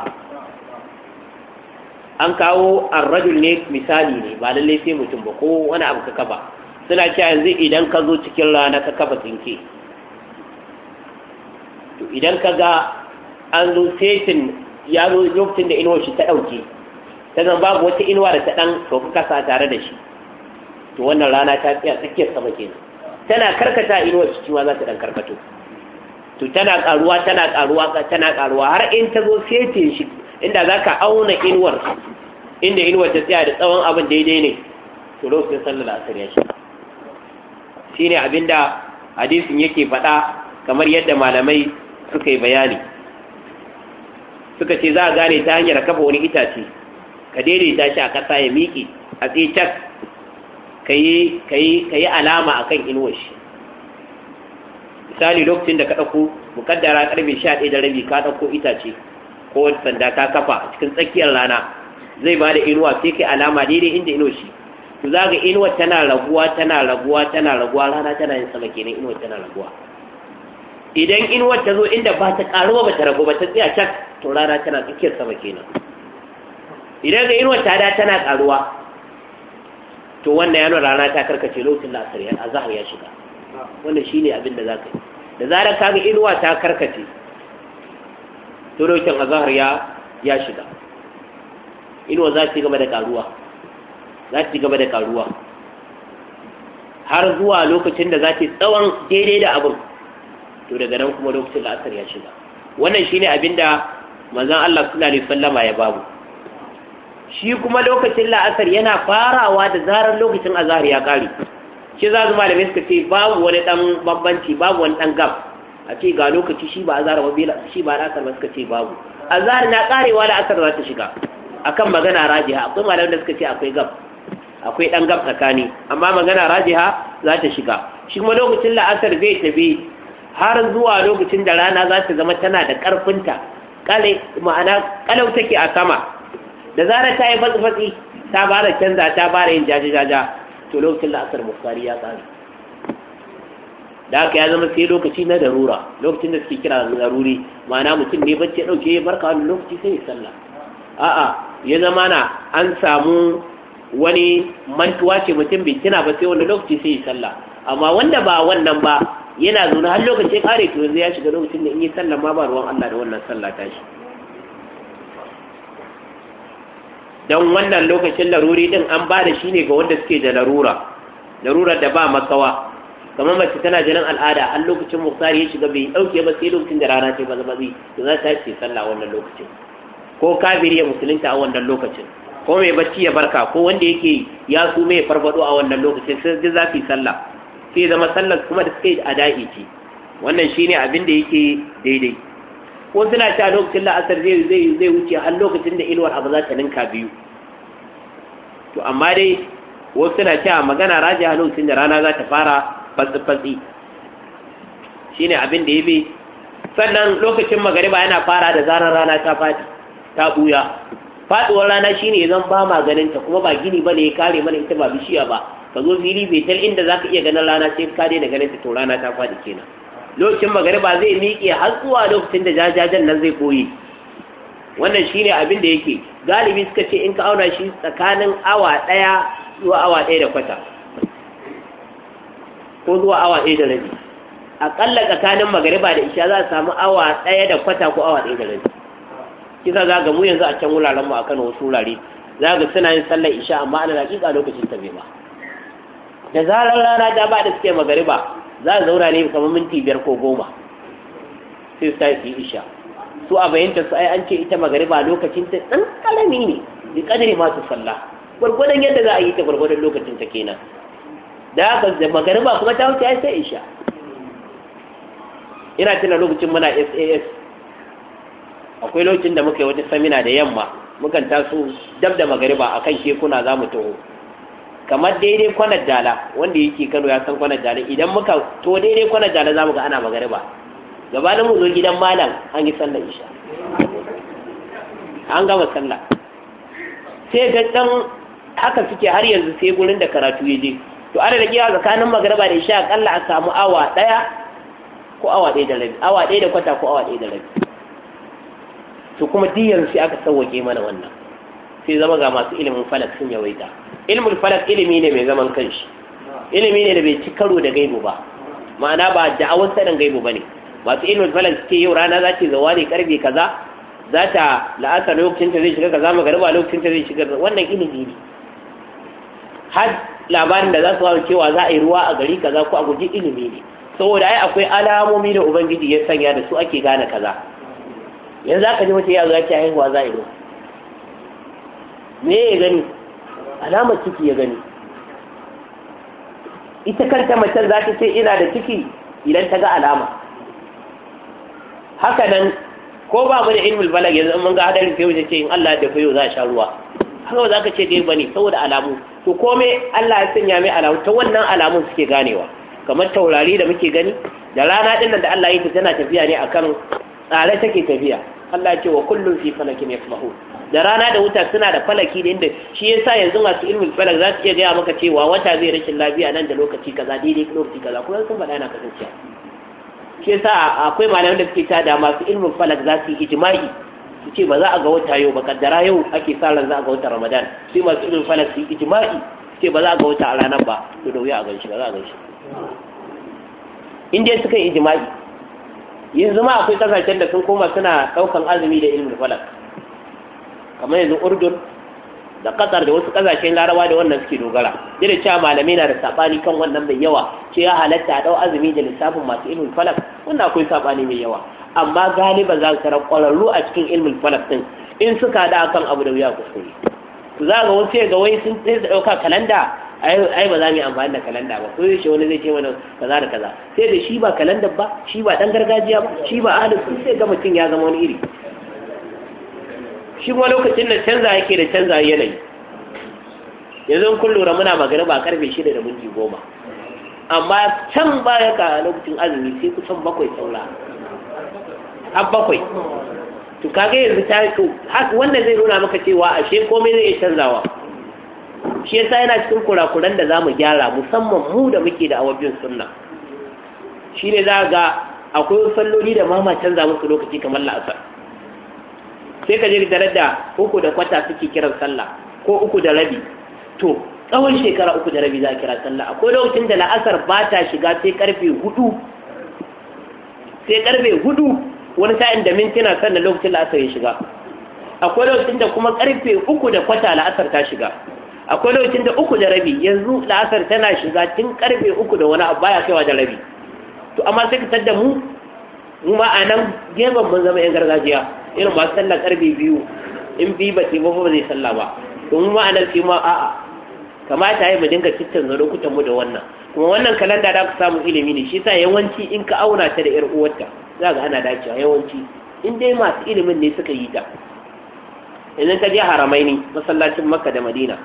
an kawo arrajul ne misali ne ba lallai sai mutum ba ko wani abu ka kafa suna cewa yanzu idan ka zo cikin rana ka kafa tsinke to idan ka ga an zo setin ya zo lokacin da inuwar shi ta ɗauke ta zan babu wata inuwa da ta ɗan to ka kasa tare da shi to wannan rana ta tsaya tsakiyar sama kenan tana karkata inuwar shi ma za ta ɗan karkato to tana ƙaruwa tana ƙaruwa tana ƙaruwa har in ta zo setin shi inda za ka auna inuwar inda inuwar ta tsaya da tsawon abin daidai ne to lokacin sallar asar ya shiga shine abinda hadisin yake faɗa kamar yadda malamai suka yi bayani suka ce za a gane ta hanyar kafa wani itace ka daidaita shi a ƙasa ya miƙe a tsaye ka yi alama akan kan inuwar shi misali lokacin da ka ɗauko mukaddara ƙarfe sha ɗaya da rabi ka ɗauko itace ko wani sanda ka kafa cikin tsakiyar rana zai ba da inuwa sai kai alama daidai inda inuwa shi to za ga inuwa tana raguwa tana raguwa tana raguwa rana tana yin sama kenan inuwa tana raguwa idan inuwa ta zo inda ba ta karuwa ba ta ragu ba ta tsaya can to rana tana tsakiyar sama kenan idan ga inuwa ta da tana karuwa to wannan yana rana ta karkace lokacin la'asar yan azhar ya shiga wannan shine abin da zaka yi da zarar ka ga inuwa ta karkace to lokacin azhar ya ya shiga inuwa za ci gaba da karuwa za ci gaba da karuwa har zuwa lokacin da za ta tsawon daidai da abin to daga nan kuma lokacin la'asar ya shiga wannan shine abin da manzon Allah sallallahu alaihi sallama ya babu shi kuma lokacin la'asar yana farawa da zarar lokacin azahar ya kare shi za su malamai suka ce babu wani dan bambanci babu wani dan gab a ce ga lokaci shi ba azahar ba shi ba la'asar ba suka ce babu azahar na karewa la'asar za ta shiga akan magana rajiha akwai malam da suka ce akwai gab akwai dan gab tsakani amma magana rajiha za ta shiga shi kuma lokacin la'asar zai tafi har zuwa lokacin da rana za ta zama tana da karfinta kale ma'ana kalau take a sama da zarar ta yi fatsi-fatsi ta bara canza ta bara yin jaja-jaja to lokacin la'asar muftari ya tsari da haka ya zama sai lokaci na darura lokacin da suke kira da mana ma'ana mutum ne bacci ya ɗauke ya barka wani lokaci sai ya sallah a'a ya zama na an samu wani mantuwa ce mutum bai tuna ba sai wani lokaci sai ya sallah amma wanda ba wannan ba yana zuwa har lokaci kare to yanzu ya shiga lokacin da in yi sallah ma ba ruwan Allah da wannan sallah ta shi don wannan lokacin laruri din an ba da shi ne ga wanda suke da larura larurar da ba makawa kamar mace tana jinin al'ada an lokacin muktari ya shiga bai dauke ba sai lokacin da rana ce ba zama zai za ta ce sallah wannan lokacin ko kafiri ya musulunta a wannan lokacin ko mai bacci ya barka ko wanda yake ya su mai farfado a wannan lokacin sai ji zafi sallah sai zama sallar kuma da suka yi da'i ce wannan shine abin da yake daidai ko suna ta lokacin la'asar zai zai zai wuce har lokacin da inuwar abu za ta ninka biyu to amma dai wasu suna cewa magana raji a lokacin da rana za ta fara fatsi-fatsi shine abin da ya bi sannan lokacin magariba yana fara da zarar rana ta fadi ta ɓuya. Faɗuwar rana shi ne zan ba ma ganin ta kuma ba gini ba ne ya kare mana ita ba bishiya ba ka zo fili bai tal inda ka iya ganin rana sai ka daina ganin ta to rana ta faɗi kenan lokacin magariba zai miƙe har zuwa lokacin da jajajen nan zai koyi wannan shi ne abin da yake galibi suka ce in ka auna shi tsakanin awa ɗaya zuwa awa ɗaya da kwata ko zuwa awa ɗaya da rabi aƙalla tsakanin magariba da isha za a samu awa ɗaya da kwata ko awa ɗaya da rabi kisa za ga mu yanzu a can wuraren mu a Kano wasu wurare za ga suna yin sallar isha amma ana kika lokacin ta bai ba da zarar rana ta ba da suke magariba za a zauna ne kamar minti biyar ko goma sai su tafi isha su a bayanta su ai an ce ita magariba lokacin ta dan kalami ne da kadari ma su sallah gwargwadon yadda za a yi ta gwargwadon lokacin ta kenan da haka da magariba kuma ta wuce ai sai isha ina tuna lokacin muna SAS akwai lokacin da muka yi wata samina da yamma mukan taso dab da magariba a kan kekuna za mu taho kamar daidai kwanar dala wanda yake kano ya san kwanar dala idan muka to daidai kwanar dala za mu ga ana magariba gabanin mu zo gidan malam an yi sallar isha an gama sallah sai ga dan haka suke har yanzu sai gurin da karatu ya je to ana da kiyawa tsakanin magariba da isha akalla a samu awa daya ko awa daya da rabi awa daya da kwata ko awa daya da rabi to kuma duk yanzu sai aka sauwake mana wannan sai zama ga masu ilimin falak sun yawaita ilimin falak ilimi ne mai zaman kanshi ilimi ne da bai ci karo da gaibu ba ma'ana ba da'awar sanin gaibu ba ne masu ilimin falak suke yau rana za ta zawa ne karfe kaza za ta la'asa lokacin ta zai shiga kaza magariba lokacin ta zai shiga wannan ilimi ne har labarin da za su hawa cewa za a yi ruwa a gari kaza ko a guji ilimi ne saboda ai akwai alamomi da ubangiji ya sanya da su ake gane kaza yanzu aka ji mace yazo ya ce haihuwa za a yi me ya gani alamar ciki ya gani ita kanta macen za ta ce ina da ciki idan ta ga alama haka nan ko ba mu da ilmul balag yanzu mun ga hadarin fiyo ta ce in Allah da yau za a sha ruwa haka za ka ce dai bane saboda alamu to kome Allah ya sanya mai alamu ta wannan alamun suke ganewa kamar taurari da muke gani da rana din da Allah ya yi tana tafiya ne akan tsare take tafiya Allah ce wa kullum fi falakin yasmahu da rana da wuta suna da falaki da inda shi yasa yanzu masu ilmin falak za su iya gaya maka cewa wata zai rashin lafiya nan da lokaci kaza daidai lokaci kaza kuma sun faɗa yana kasancewa shi yasa akwai malamai da suke tada masu ilmin falak za su yi ijma'i su ce ba za a ga wata yau ba kaddara yau ake sa ran za a ga wata ramadan sai masu ilmin falak su yi ijma'i su ce ba za a ga wata a ranar ba to da wuya a ganshi ba za a ganshi in dai suka yi ijma'i yanzu ma akwai kasashen da sun koma suna ɗaukan azumi da ilmin falak kamar yanzu urdun da ƙasar da wasu kasashen larabawa da wannan suke dogara da cewa malamai na da sabani kan wannan mai yawa ce ya halatta a ɗau azumi da lissafin masu ilmin falak wannan akwai saɓani mai yawa amma galiba za su kwararru a cikin ilmin falak ɗin, in suka da kan abu da wuya kuskure za ga wasu ga wai sun sai ɗauka kalanda ai ba za mu yi amfani da kalanda ba ko yaushe wani zai ce mana kaza da kaza sai da shi ba kalanda ba shi ba dan gargajiya ba shi ba ahlus sun sai ga mutum ya zama wani iri shi kuma lokacin da canza yake da canza yanayi yanzu kun lura muna magana ba karfe shida da minti goma amma can baya ka lokacin azumi sai kusan bakwai saura har bakwai to kage yanzu ta to wannan zai nuna maka cewa ashe komai zai iya canzawa shi yasa yana cikin kurakuran da zamu gyara musamman mu da muke da awabin sunna shi ne za ga akwai salloli da mama canza musu lokaci kamar la'asar sai ka je tare da uku da kwata suke kiran sallah ko uku da rabi to tsawon shekara uku da rabi za a kira sallah akwai lokacin da la'asar ba ta shiga sai karfe hudu sai karfe hudu wani sa'in da mintuna sannan lokacin la'asar ya shiga akwai lokacin da kuma karfe uku da kwata la'asar ta shiga akwai lokacin da uku da rabi yanzu la'asar tana shiga tun karfe uku da wani abu baya kaiwa da rabi to amma sai ka da mu mu ma a nan gefen mun zama yan gargajiya irin masu sallah karfe biyu in bi ba ce ba zai sallah ba to mu ma a nan sai ma a'a kamata ya mu dinga cikin zaro lokutan mu da wannan kuma wannan kalanda da ku samu ilimi ne shi sa yawanci in ka auna ta da yar uwarta za ga ana dacewa yawanci in dai masu ilimin ne suka yi ta idan ka je haramai ne masallacin makka da madina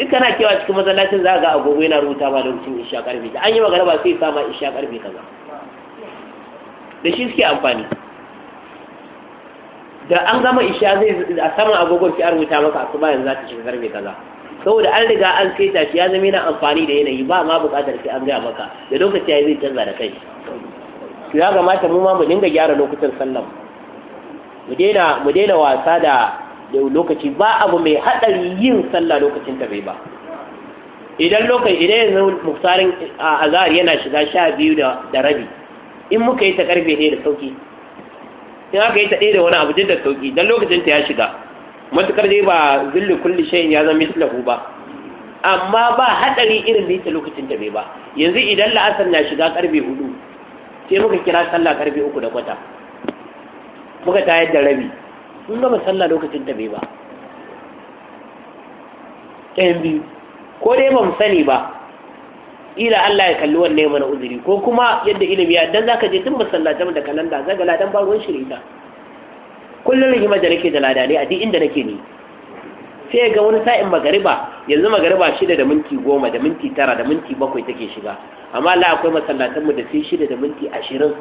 in kana kewa cikin masallacin za ga agogo yana rubuta ma lokacin isha karfe da an yi magana ba sai sama isha karfe kaza da shi suke amfani da an gama isha zai a saman agogon sai an rubuta maka a kuma yanzu za ta shiga karfe kaza saboda an riga an saita shi ya zama yana amfani da yanayi ba ma buƙatar sai an gaya maka da lokaci ya zai canza da kai to ya kamata mu ma mu dinga gyara lokutan sallah, mu daina mu daina wasa da lokaci ba abu mai haɗari yin sallah lokacin ta bai ba idan lokaci idan yanzu muftarin azhar yana shiga sha biyu da rabi in muka yi ta karfe ne da sauki in aka yi ta ɗaya da wani abu da sauki dan lokacin ta ya shiga matukar dai ba zillu kulli shay'in ya zama mislahu ba amma ba haɗari irin da yake lokacin ta bai ba yanzu idan la'asar na shiga karfe hudu sai muka kira sallah karfe uku da kwata muka tayar da rabi sun gama sallah lokacin ta bai ba ɗayan biyu ko dai ba mu sani ba ila Allah ya kalli wannan mana uzuri ko kuma yadda ilimi ya dan zaka je tun masallata da kalanda zaga ladan ba ruwan shirita kullum rigimar da nake da ladani a duk inda nake ni sai ga wani sa'in magariba yanzu magariba shida da minti goma da minti tara da minti bakwai take shiga amma la akwai masallatanmu da sai shida da minti ashirin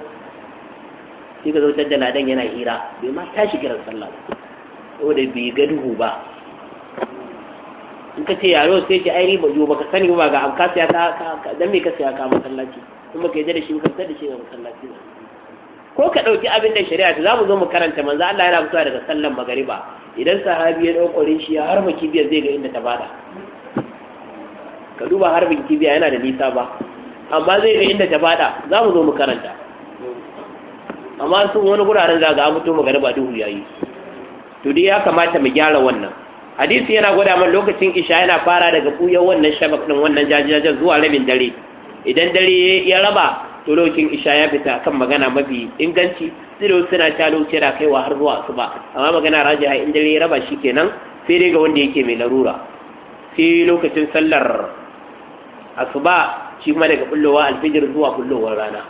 sai ka zautar da ladan yana hira bai ma tashi kiran sallah ba saboda bai ga duhu ba in ka ce yaro sai ce ai riba yo baka sani ba ga amka sai ka dan me ka sai ka masallaci kuma kai da shi ka sai da shi ga masallaci ba ko ka ɗauki abin da shari'a ta za mu zo mu karanta manzo Allah yana fitowa daga sallan magariba idan sahabi ya ɗauko shi ya harba kibiyar zai ga inda ta bada ka duba harbin kibiya yana da nisa ba amma zai ga inda ta bada za mu zo mu karanta amma sun wani guraren za ga an magari ba duhu yayi to dai ya kamata mu gyara wannan hadisi yana gwada man lokacin isha yana fara daga kuyar wannan shabak din wannan jajajen zuwa rabin dare idan dare ya raba to lokacin isha ya fita kan magana mafi inganci zai suna ta lokaci da kaiwa har zuwa asuba amma magana ha in dare raba shi kenan sai dai ga wanda yake mai larura sai lokacin sallar asuba shi kuma daga bullowa alfijir zuwa bullowar rana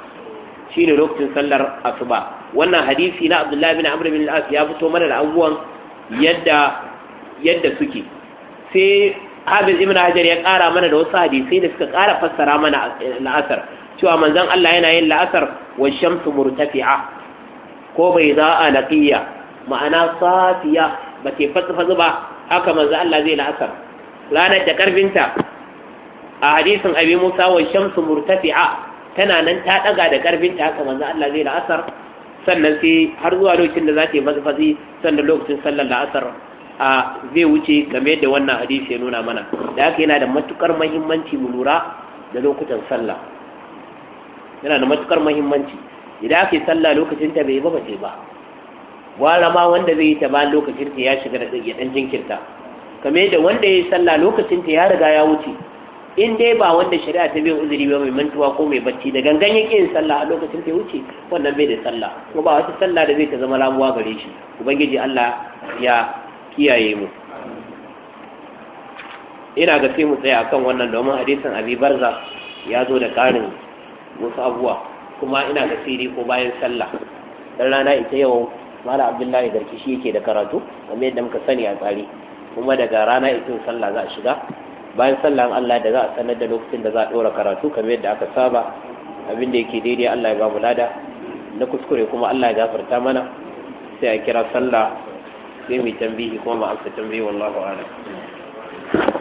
shine lokacin sallar asuba wannan hadisi na abdullahi bin amr bin al-as ya fito mana da abubuwan yadda yadda suke sai habib Ibn Hajar ya kara mana da wasu hadisi da suka kara fassara mana la'asar. cewa manzan Allah yana yin la'asar wa shamsu murtafi'a ko bai za a laqiya ma'ana safiya ba ke fatsa ba haka manzon Allah zai la'asar ranar da karfinta a hadisin abi Musa wa shamsu murtafi'a tana nan ta ɗaga da karfinta haka manzon Allah zai la'asar sannan sai har zuwa lokacin da za ta yi fasfasi sannan lokacin sallar la'asar a zai wuce game da wannan hadisi ya nuna mana da haka yana da matukar muhimmanci mu lura da lokutan sallah yana da matukar mahimmanci idan aka yi sallah lokacin ta bai ba bace ba gwara ma wanda zai yi ta bayan lokacin ta ya shiga da ya dan jinkirta kamar da wanda ya yi sallah lokacin ta ya riga ya wuce in dai ba wanda shari'a ta bai uzuri ba mai mantuwa ko mai bacci da gangan yake yin sallah a lokacin ta wuce wannan bai da sallah kuma ba wata sallah da zai ta zama ramuwa gare shi ubangiji Allah ya kiyaye mu ina ga sai mu tsaya akan wannan domin hadisin abi barza ya zo da karin wasu abubuwa kuma ina da siri ko bayan sallah dan rana ita yau mala abdullahi garki shi yake da karatu kamar yadda muka sani a tsari kuma daga rana ita sallah za a shiga bayan sallah Allah da za a sanar da lokacin da za a ɗora karatu kamar yadda aka saba abin da yake daidai Allah ya ba mu lada na kuskure kuma Allah ya gafarta mana sai a kira sallah sai mu tambihi kuma mu amsa tambayi wallahu a'lam